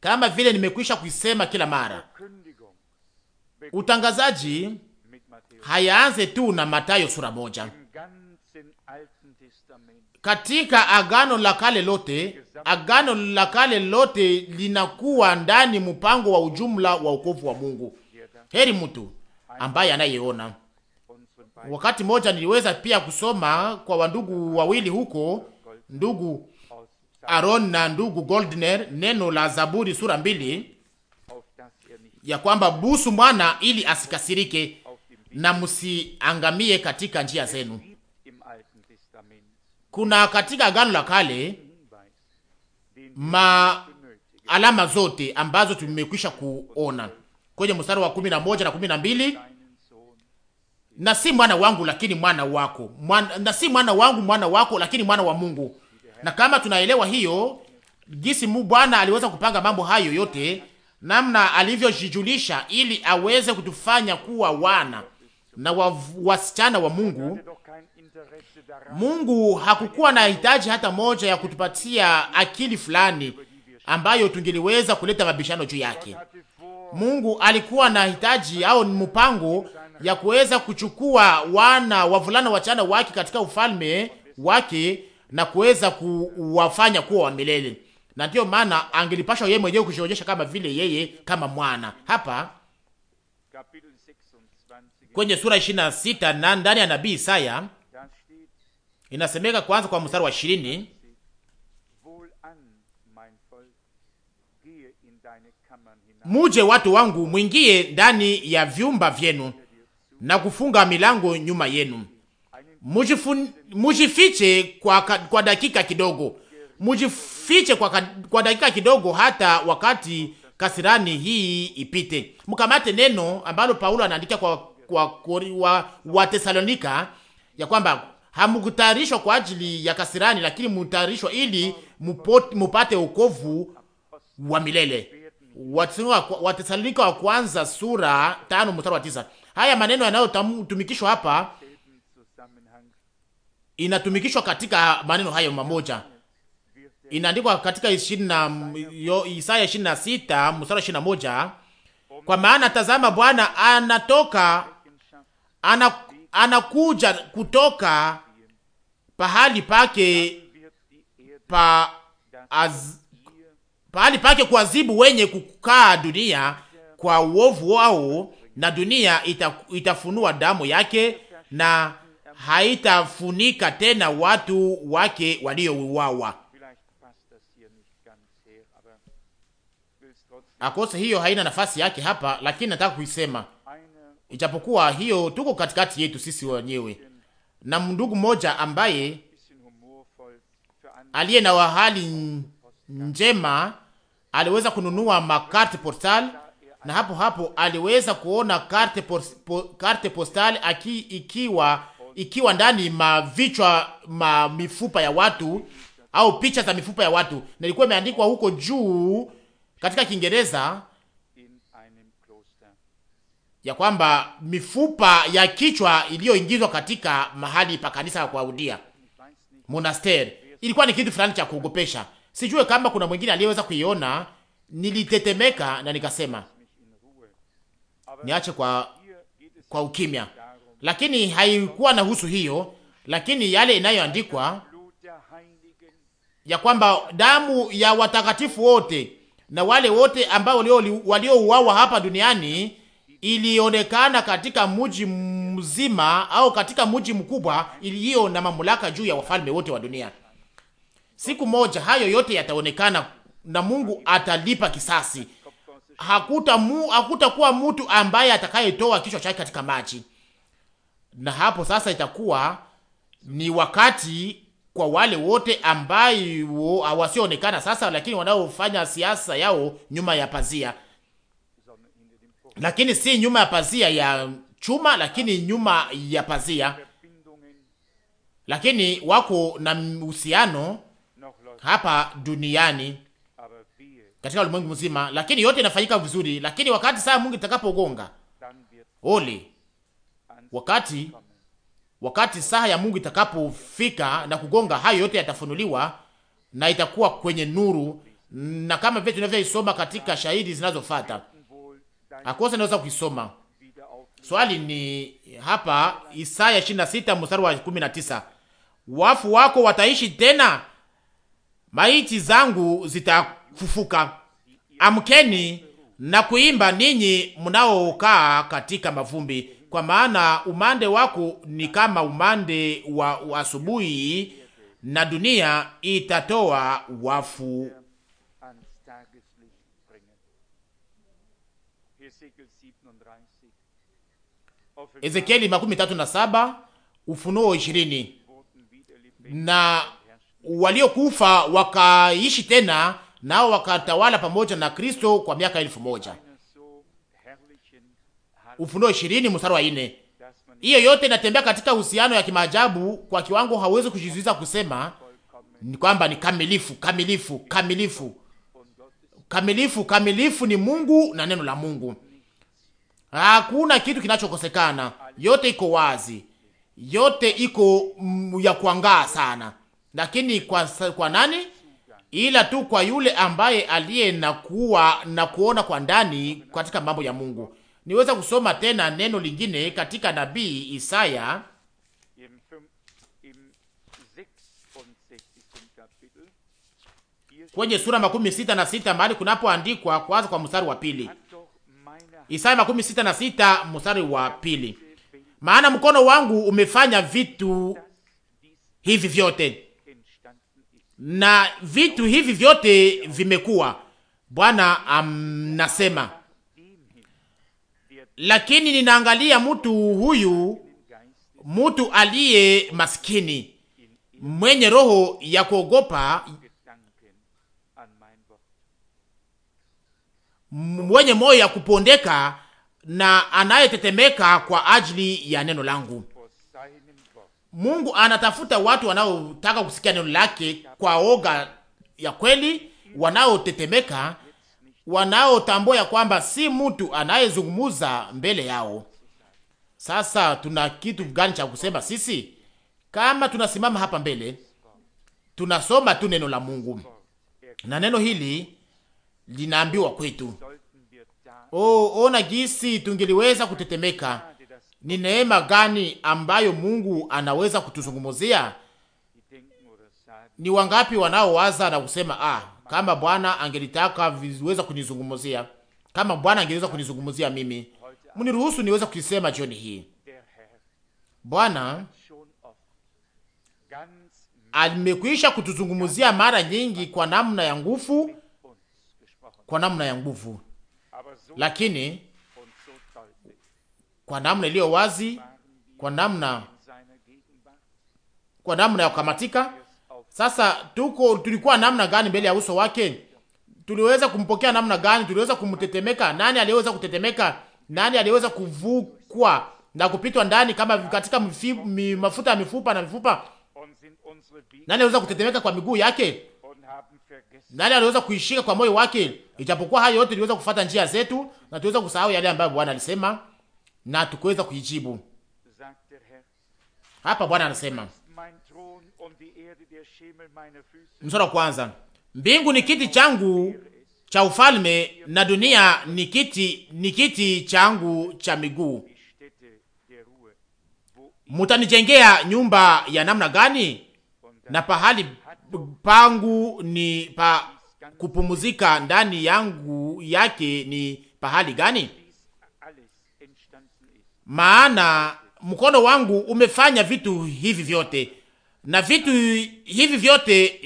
kama vile nimekwisha kuisema kila mara, utangazaji hayaanze tu na Matayo sura moja katika agano la kale lote, agano la kale lote linakuwa ndani mpango wa ujumla wa wokovu wa Mungu. Heri mtu ambaye anayeona. Wakati mmoja niliweza pia kusoma kwa wandugu wawili huko, ndugu Aaron na ndugu Goldner, neno la Zaburi sura mbili ya kwamba busu mwana ili asikasirike na msiangamie katika njia zenu kuna katika Agano la Kale ma alama zote ambazo tumekwisha kuona kwenye mstari wa kumi na moja na kumi na mbili na si mwana wangu lakini mwana wako mwana, na si mwana wangu mwana wako lakini mwana wa Mungu. Na kama tunaelewa hiyo jinsi Bwana aliweza kupanga mambo hayo yote, namna alivyojijulisha ili aweze kutufanya kuwa wana na wa, wasichana wa Mungu, Mungu hakukuwa na hitaji hata moja ya kutupatia akili fulani ambayo tungeliweza kuleta mabishano juu yake. Mungu alikuwa na hitaji au ni mpango ya kuweza kuchukua wana wavulana wachana wake katika ufalme wake na kuweza kuwafanya kuwa wa milele, na ndiyo maana angelipasha yeye mwenyewe kujionyesha kama vile yeye kama mwana. Hapa kwenye sura 26 na ndani ya nabii Isaya Inasemeka kwanza kwa mstari wa ishirini muje watu wangu, mwingie ndani ya vyumba vyenu na kufunga milango nyuma yenu, mujifiche kwa, kwa dakika kidogo, mujifiche kwa, kwa dakika kidogo, hata wakati kasirani hii ipite. Mkamate neno ambalo Paulo anaandika kwa, kwa, kwa, wa, wa Tesalonika ya kwamba hamukutayarishwa kwa ajili ya kasirani, lakini mutayarishwa ili mupot, mupate wokovu wa milele. Watesalonika wa kwanza sura tano mstari wa tisa. Haya maneno yanayotumikishwa hapa inatumikishwa katika maneno hayo mamoja, inaandikwa katika Isaya ishirini na sita mstari ishirini na moja kwa maana tazama, Bwana anatoka ana anakuja kutoka pahali pake pa az, pahali pake kuazibu wenye kukaa dunia kwa uovu wao, na dunia ita, itafunua damu yake na haitafunika tena watu wake waliouawa. Akose hiyo haina nafasi yake hapa, lakini nataka kuisema ijapokuwa hiyo tuko katikati yetu sisi wenyewe, na ndugu mmoja ambaye aliye na wahali njema aliweza kununua makarte postal na hapo hapo aliweza kuona karte, post, po, karte postal aki, ikiwa ikiwa ndani mavichwa ma mifupa ya watu au picha za mifupa ya watu, na ilikuwa imeandikwa huko juu katika Kiingereza ya kwamba mifupa ya kichwa iliyoingizwa katika mahali pa kanisa ya kuaudia monasteri ilikuwa ni kitu fulani cha kuogopesha. Sijue kama kuna mwingine aliyeweza kuiona. Nilitetemeka na nikasema niache kwa kwa ukimya, lakini haikuwa na husu hiyo, lakini yale inayoandikwa ya kwamba damu ya watakatifu wote na wale wote ambao waliouawa hapa duniani ilionekana katika mji mzima au katika mji mkubwa iliyo na mamlaka juu ya wafalme wote wa dunia. Siku moja hayo yote yataonekana na Mungu atalipa kisasi. Hakuta mu, hakutakuwa mtu ambaye atakayetoa kichwa chake katika maji. Na hapo sasa itakuwa ni wakati kwa wale wote ambao wasioonekana sasa, lakini wanaofanya siasa yao nyuma ya pazia lakini si nyuma ya pazia ya chuma, lakini nyuma ya pazia, lakini wako na uhusiano hapa duniani katika ulimwengu mzima, lakini yote inafanyika vizuri. Lakini wakati saa Mungu itakapogonga, ole wakati wakati saa ya Mungu itakapofika na kugonga, hayo yote yatafunuliwa na itakuwa kwenye nuru, na kama vile tunavyoisoma katika shahidi zinazofuata Akose naweza kuisoma. Swali ni hapa Isaya 26 mstari wa 19. Wafu wako wataishi tena, maiti zangu zitafufuka. Amkeni na kuimba ninyi mnaokaa katika mavumbi, kwa maana umande wako ni kama umande wa asubuhi, na dunia itatoa wafu Ezekieli makumi tatu na saba, Ufunuo ishirini. Na waliokufa wakaishi tena nao wakatawala pamoja na Kristo kwa miaka elfu moja. Ufunuo ishirini mstari wa nne. Hiyo yote inatembea katika uhusiano ya kimaajabu kwa kiwango hawezi kujizuiza kusema ni kwamba ni kamilifu, kamilifu, kamilifu, kamilifu, kamilifu ni Mungu na neno la Mungu. Hakuna kitu kinachokosekana, yote iko wazi, yote iko mm, ya kuangaa sana. Lakini kwa, kwa nani? Ila tu kwa yule ambaye aliye na kuwa na kuona kwa ndani katika mambo ya Mungu. Niweza kusoma tena neno lingine katika nabii Isaya kwenye sura makumi sita na sita mahali kunapoandikwa kwanza kwa mstari wa pili Isaya makumi sita na sita mstari wa pili. Maana mkono wangu umefanya vitu hivi vyote na vitu hivi vyote vimekuwa, Bwana amnasema. Lakini ninaangalia mtu huyu, mtu aliye maskini, mwenye roho ya kuogopa mwenye moyo ya kupondeka na anayetetemeka kwa ajili ya neno langu. Mungu anatafuta watu wanaotaka kusikia neno lake kwa oga ya kweli, wanaotetemeka, wanaotambua ya kwamba si mtu anayezungumuza mbele yao. Sasa tuna kitu gani cha kusema sisi? Kama tunasimama hapa mbele, tunasoma tu neno la Mungu na neno hili linaambiwa kwetu. Oh, ona jisi tungeliweza kutetemeka! Ni neema gani ambayo Mungu anaweza kutuzungumuzia Ni wangapi wanaowaza na kusema ah, kama Bwana angelitaka viweza kunizungumuzia kama Bwana angeweza kunizungumuzia mimi. Mniruhusu niweza kuisema jioni hii, Bwana amekwisha kutuzungumuzia mara nyingi kwa namna ya nguvu kwa namna ya nguvu, lakini kwa namna iliyo wazi, kwa namna kwa namna ya kukamatika. Sasa tuko tulikuwa namna gani mbele ya uso wake? Tuliweza kumpokea namna gani? Tuliweza kumtetemeka? Nani aliweza kutetemeka? Nani aliweza kuvukwa na kupitwa ndani kama katika mfi, mi, mafuta ya mifupa na mifupa? Nani aliweza kutetemeka kwa miguu yake? Nani aliweza kuishika kwa moyo wake? Ijapokuwa hayo yote tuliweza kufuata njia zetu na tuweza kusahau yale ambayo Bwana alisema na tukuweza kuijibu. Hapa Bwana anasema msura kwanza, mbingu ni kiti changu cha ufalme na dunia ni kiti ni kiti changu cha miguu. Mutanijengea nyumba ya namna gani? Na pahali pangu ni pa kupumuzika ndani yangu yake ni pahali gani? Maana mkono wangu umefanya vitu hivi vyote na vitu hivi vyote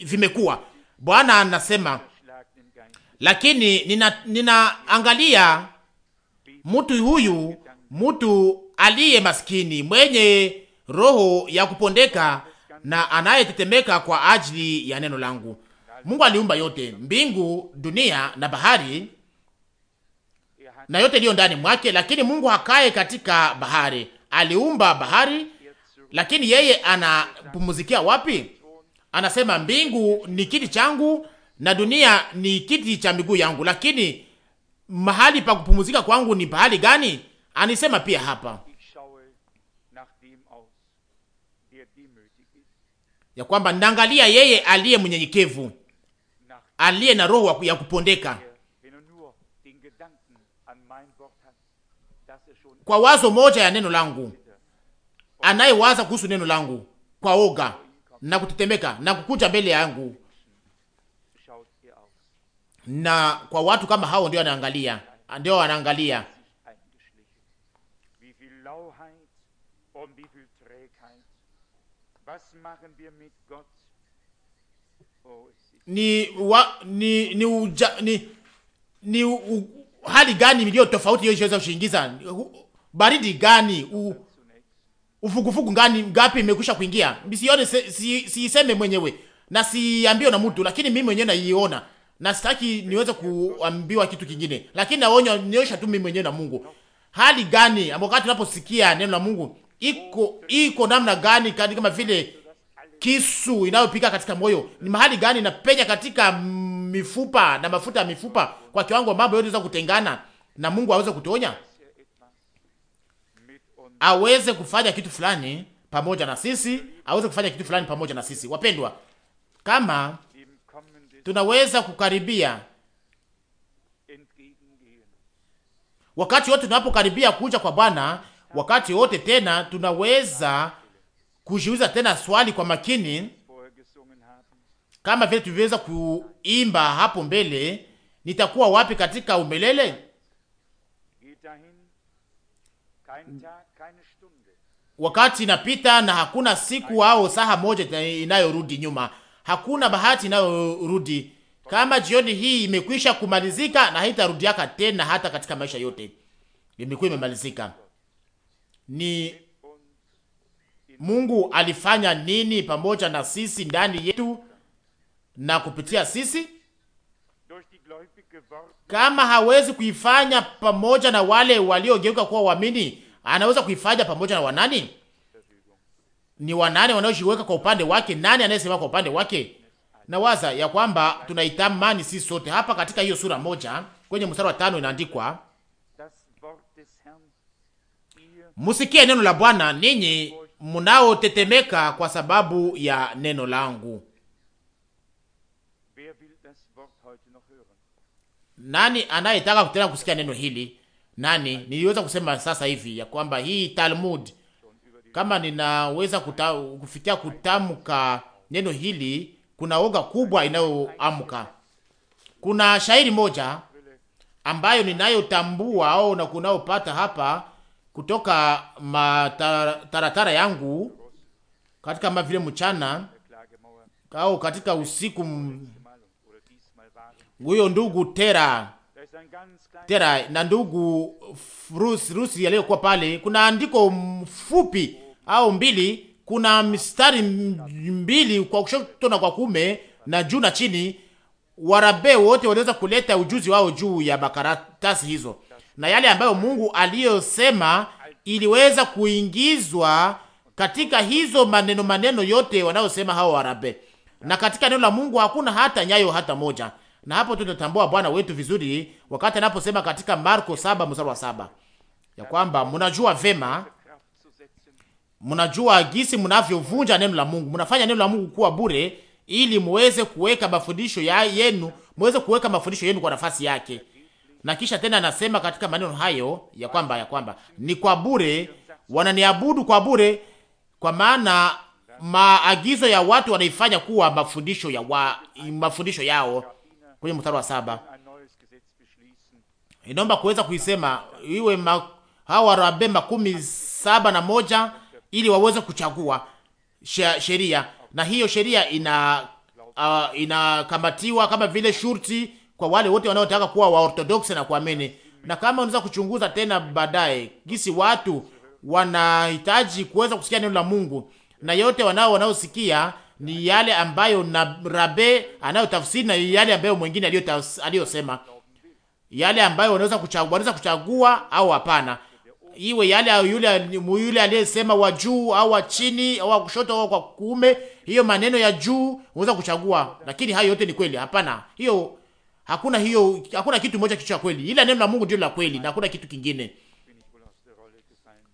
vimekuwa. Bwana anasema, lakini nina, mtu huyu, mtu aliye maskini, mwenye roho ya kupondeka na anayetetemeka kwa ajili ya neno langu. Mungu aliumba yote, mbingu, dunia na bahari na yote iliyo ndani mwake, lakini Mungu hakae katika bahari. Aliumba bahari, lakini yeye anapumuzikia wapi? Anasema mbingu ni kiti changu na dunia ni kiti cha miguu yangu, lakini mahali pa kupumuzika kwangu ni pahali gani? Anisema pia hapa ya kwamba nangalia yeye aliye mnyenyekevu aliye na roho ya kupondeka er kwa wazo moja ya neno langu, anayewaza kuhusu neno langu kwa oga na kutetemeka na kukuja mbele yangu, na kwa watu kama hao ndio anaangalia, ndio anaangalia ni, wa, ni, ni, uja, ni, ni u, u, hali gani iliyo tofauti iyoweza kushingiza baridi gani u, ufugufugu gani ngapi imekwisha kuingia. Msione siiseme si mwenyewe na siambiwe na mtu, lakini mimi mwenyewe naiona na sitaki niweze kuambiwa kitu kingine, lakini naonywa nionyesha tu mimi mwenyewe na Mungu hali gani ambapo wakati unaposikia neno la Mungu iko iko namna gani, kadi kama vile kisu inayopika katika moyo ni mahali gani inapenya katika mifupa na mafuta ya mifupa kwa kiwango mambo yote yanaweza kutengana na Mungu aweze kutuonya aweze kufanya kitu fulani pamoja na sisi, aweze kufanya kitu fulani pamoja na sisi. Wapendwa, kama tunaweza kukaribia wakati wote tunapokaribia kuja kwa Bwana, wakati wote tena tunaweza kujiuliza tena swali kwa makini, kama vile tulivyoweza kuimba hapo mbele, nitakuwa wapi katika umelele? Wakati inapita na hakuna siku au saha moja inayorudi nyuma, hakuna bahati inayorudi kama jioni hii imekwisha kumalizika na haitarudiaka tena, hata katika maisha yote imekuwa imemalizika. Ni Mungu alifanya nini pamoja na sisi ndani yetu na kupitia sisi? Kama hawezi kuifanya pamoja na wale waliogeuka kuwa waamini, anaweza kuifanya pamoja na wanani? Ni wanani wanaojiweka kwa upande wake? Nani anayesema kwa upande wake? Na waza ya kwamba tunaitamani sisi sote hapa katika hiyo sura moja kwenye mstari wa tano inaandikwa, musikie neno la Bwana ninyi munaotetemeka kwa sababu ya neno langu. Nani anayetaka kutena kusikia neno hili? Nani? Niliweza kusema sasa hivi ya kwamba hii Talmud, kama ninaweza kuta, kufikia kutamka neno hili, kuna oga kubwa inayoamka. Kuna shairi moja ambayo ninayotambua au na kunaopata hapa kutoka mataratara yangu katika kama vile mchana au katika usiku. Huyo ndugu Tera Tera na ndugu Rusi Rusi aliyokuwa pale, kuna andiko mfupi au mbili, kuna mstari mbili kwa kushoto na kwa kume na juu na chini. Warabe wote waliweza kuleta ujuzi wao juu ya makaratasi hizo na yale ambayo Mungu aliyosema iliweza kuingizwa katika hizo maneno maneno yote wanayosema hao Warabe, na katika neno la Mungu hakuna hata nyayo hata moja. Na hapo tunatambua Bwana wetu vizuri wakati anaposema katika Marko saba mstari wa saba ya kwamba mnajua vema, mnajua gisi mnavyovunja neno la Mungu, mnafanya neno la Mungu kuwa bure, ili muweze kuweka mafundisho ya yenu, muweze kuweka mafundisho yenu kwa nafasi yake na kisha tena anasema katika maneno hayo ya kwamba ya kwamba ni kwa bure, wananiabudu kwa bure, kwa maana maagizo ya watu wanaifanya kuwa mafundisho ya wa, mafundisho yao. Kwenye mstari wa saba inaomba kuweza kuisema iwe ma, hawa rabe makumi saba na moja ili waweze kuchagua sheria na hiyo sheria ina uh, inakamatiwa kama vile shurti kwa wale wote wanaotaka kuwa waorthodoksi na kuamini. Na kama unaweza kuchunguza tena baadaye gisi watu wanahitaji kuweza kusikia neno la Mungu, na yote wanao wanaosikia ni yale ambayo na rabe anayotafsiri na yale ambayo mwingine aliyosema, yale ambayo wanaweza kuchagua, wanaweza kuchagua au hapana, iwe yale au yule yule aliyesema wa juu au wa chini au wa kushoto au kwa kuume. Hiyo maneno ya juu unaweza kuchagua, lakini hayo yote ni kweli? Hapana, hiyo Hakuna hiyo, hakuna kitu moja kicho cha kweli, ila neno la Mungu ndio la kweli na hakuna kitu kingine.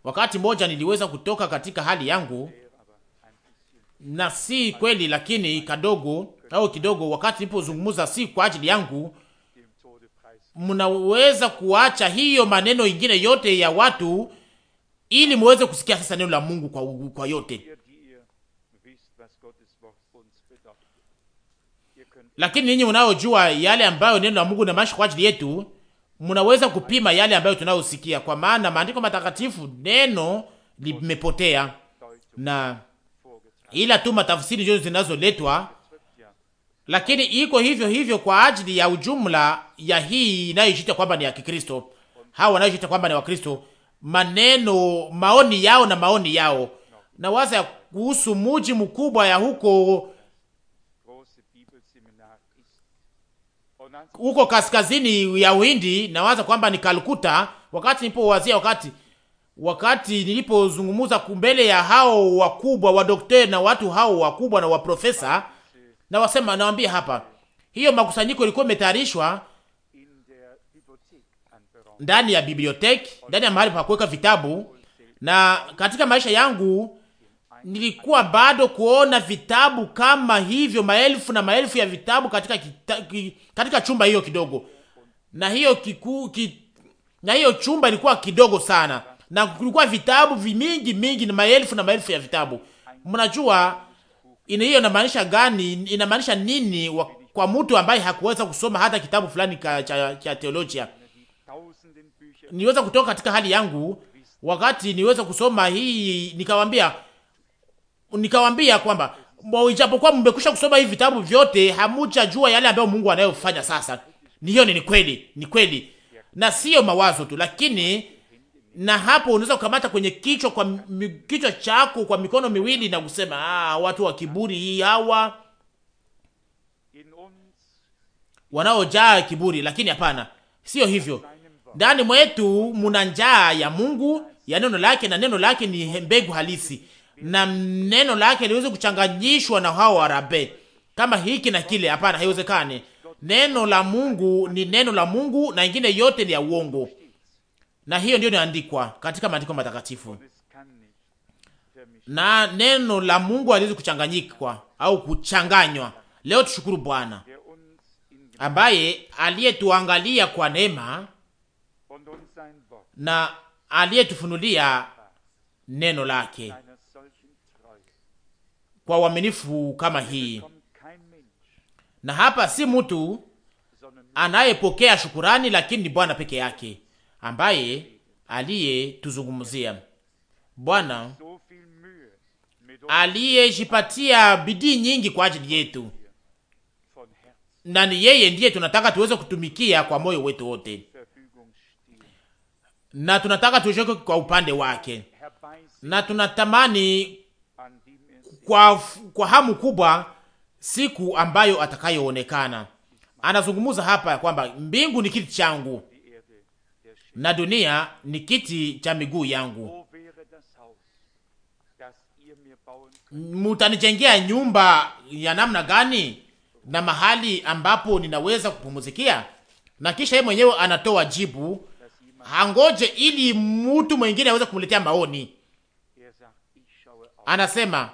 Wakati moja niliweza kutoka katika hali yangu na si kweli, lakini kadogo au kidogo, wakati nilipozungumza si kwa ajili yangu, mnaweza kuacha hiyo maneno ingine yote ya watu ili muweze kusikia sasa neno la Mungu kwa, kwa yote Lakini ninyi mnaojua yale ambayo neno la Mungu na mashi kwa ajili yetu, mnaweza kupima yale ambayo tunayosikia, kwa maana maandiko matakatifu neno limepotea na ila tu matafsiri ndio zinazoletwa, lakini iko hivyo hivyo kwa ajili ya ujumla ya hii inayojiita kwamba ni ya Kikristo, hao wanaojiita kwamba ni Wakristo, maneno maoni yao na maoni yao na waza ya kuhusu muji mkubwa ya huko huko kaskazini ya Uhindi, nawaza kwamba ni Kalkuta. Wakati nilipowazia, wakati wakati nilipozungumuza kumbele ya hao wakubwa wa daktari na watu hao wakubwa na waprofesa, na wasema nawaambia hapa, hiyo makusanyiko ilikuwa imetayarishwa ndani ya biblioteki, ndani ya mahali pa kuweka vitabu, na katika maisha yangu nilikuwa bado kuona vitabu kama hivyo, maelfu na maelfu ya vitabu katika kita, katika chumba hiyo kidogo, na hiyo kiku, ki, na hiyo chumba ilikuwa kidogo sana, na kulikuwa vitabu vimingi mingi, na maelfu na maelfu ya vitabu. Mnajua ina hiyo inamaanisha gani? Inamaanisha nini wa, kwa mtu ambaye hakuweza kusoma hata kitabu fulani ka, cha, cha teolojia? Niweza kutoka katika hali yangu wakati niweza kusoma hii, nikawambia nikawambia kwamba ijapokuwa mmekwisha kusoma hivi vitabu vyote, hamuja jua yale ambayo Mungu anayofanya sasa. Ni hiyo ni kweli, ni kweli, na sio mawazo tu, lakini na hapo unaweza kukamata kwenye kichwa kwa kichwa chako kwa mikono miwili na kusema ah, watu wa kiburi hii hawa wanaojaa kiburi. Lakini hapana, sio hivyo. Ndani mwetu muna njaa ya Mungu, ya neno lake, na neno lake ni mbegu halisi na neno lake liweze kuchanganyishwa na hao Arabe kama hiki na kile. Hapana, haiwezekani. Neno la Mungu ni neno la Mungu na ingine yote ni ya uongo, na hiyo ndio inaandikwa katika maandiko matakatifu, na neno la Mungu haliwezi kuchanganyikwa au kuchanganywa. Leo tushukuru Bwana ambaye aliyetuangalia kwa neema na aliyetufunulia neno lake kwa uaminifu kama hii. Na hapa si mtu anayepokea shukurani, lakini ni Bwana peke yake ambaye aliyetuzungumzia. Bwana aliyejipatia bidii nyingi kwa ajili yetu, na ni yeye ndiye tunataka tuweze kutumikia kwa moyo wetu wote, na tunataka tusheke kwa upande wake, na tunatamani kwa, kwa hamu kubwa siku ambayo atakayoonekana. Anazungumza hapa kwamba mbingu ni kiti changu na dunia ni kiti cha miguu yangu. Mutanijengea nyumba ya namna gani na mahali ambapo ninaweza kupumuzikia? Na kisha yeye mwenyewe anatoa jibu, hangoje ili mtu mwingine aweze kumletea maoni. Anasema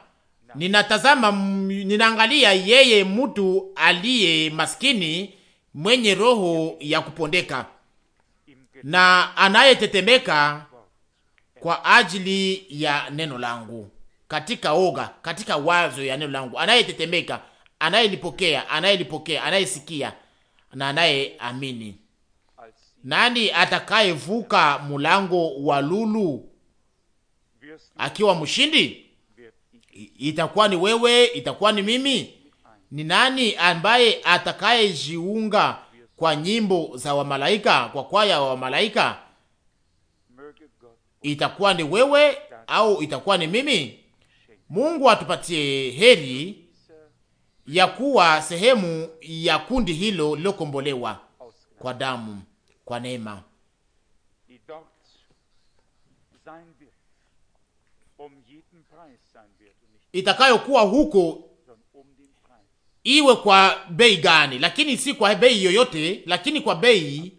ninatazama, ninaangalia yeye mtu aliye maskini mwenye roho ya kupondeka na anayetetemeka kwa ajili ya neno langu, katika oga, katika wazo ya neno langu, anayetetemeka, anayelipokea, anayelipokea, anayesikia na anayeamini. Nani atakayevuka mulango wa lulu akiwa mshindi? itakuwa ni wewe, itakuwa ni mimi. Ni nani ambaye atakayejiunga kwa nyimbo za wamalaika, kwa kwaya wa wamalaika? Itakuwa ni wewe au itakuwa ni mimi? Mungu atupatie heri ya kuwa sehemu ya kundi hilo lilokombolewa kwa damu, kwa neema. itakayokuwa huko iwe kwa bei gani, lakini si kwa bei yoyote, lakini kwa bei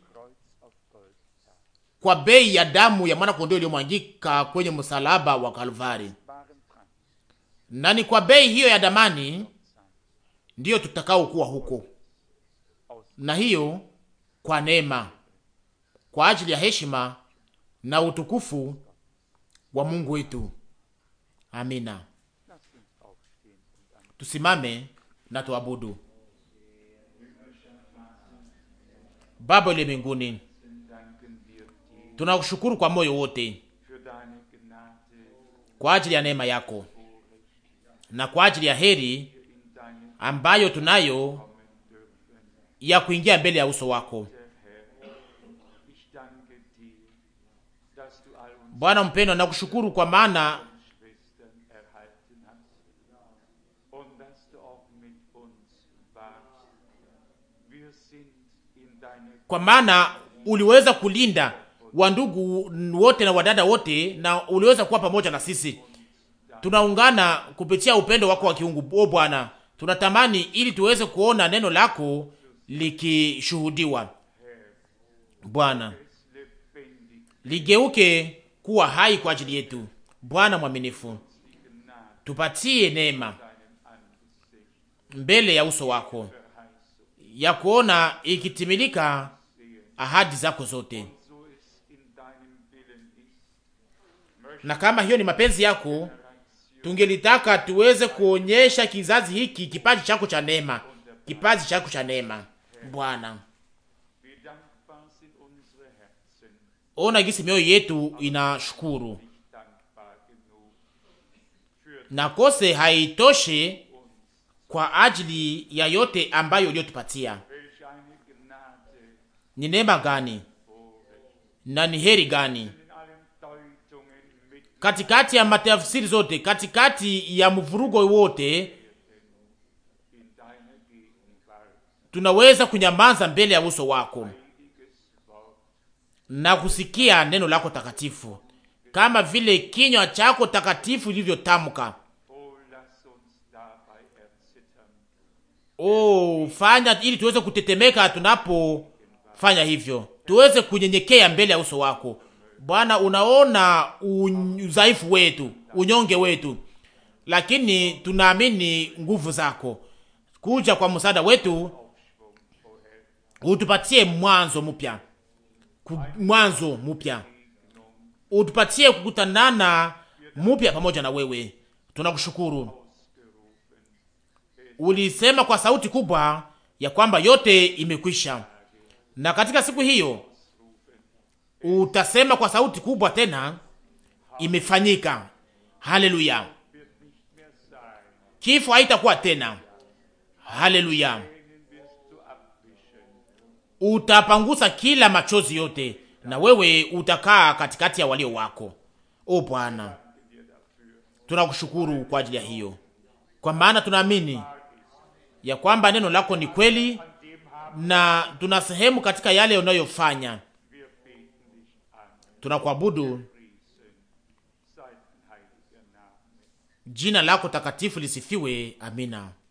kwa bei ya damu ya mwana kondoo iliyomwangika kwenye msalaba wa Kalvari, na ni kwa bei hiyo ya damani ndiyo tutakaokuwa huko, na hiyo kwa neema, kwa ajili ya heshima na utukufu wa Mungu wetu. Amina. Tusimame na tuabudu. Baba ile mbinguni, tunakushukuru kwa moyo wote kwa ajili ya neema yako na kwa ajili ya heri ambayo tunayo ya kuingia mbele ya uso wako. Bwana mpendwa, nakushukuru kwa maana kwa maana uliweza kulinda wandugu wote na wadada wote, na uliweza kuwa pamoja na sisi. Tunaungana kupitia upendo wako wa kiungu, o Bwana. Tunatamani ili tuweze kuona neno lako likishuhudiwa. Bwana, ligeuke kuwa hai kwa ajili yetu. Bwana mwaminifu, tupatie neema mbele ya uso wako ya kuona ikitimilika ahadi zako zote, na kama hiyo ni mapenzi yako, tungelitaka tuweze kuonyesha kizazi hiki kipaji chako cha neema, kipaji chako cha neema Bwana. Ona gisi mioyo yetu inashukuru na kose haitoshe kwa ajili ya yote ambayo uliyotupatia ni neema gani na ni heri gani katikati ya matafsiri zote, katikati ya mvurugo wote, tunaweza kunyamaza mbele ya uso wako na kusikia neno lako takatifu, kama vile kinywa chako takatifu ilivyotamka. Oh, fanya ili tuweze kutetemeka tunapo fanya hivyo, tuweze kunyenyekea mbele ya uso wako Bwana. Unaona udhaifu wetu, unyonge wetu, lakini tunaamini nguvu zako. Kuja kwa msaada wetu, utupatie mwanzo mpya, mwanzo mpya, utupatie kukutanana mpya pamoja na wewe. Tunakushukuru. Ulisema kwa sauti kubwa ya kwamba yote imekwisha. Na katika siku hiyo utasema kwa sauti kubwa tena, imefanyika. Haleluya! Kifo haitakuwa tena. Haleluya! Utapangusa kila machozi yote, na wewe utakaa katikati ya walio wako. O Bwana, tunakushukuru kwa ajili ya hiyo, kwa maana tunaamini ya kwamba neno lako ni kweli na tuna sehemu katika yale unayofanya. Tunakuabudu, jina lako takatifu lisifiwe. Amina.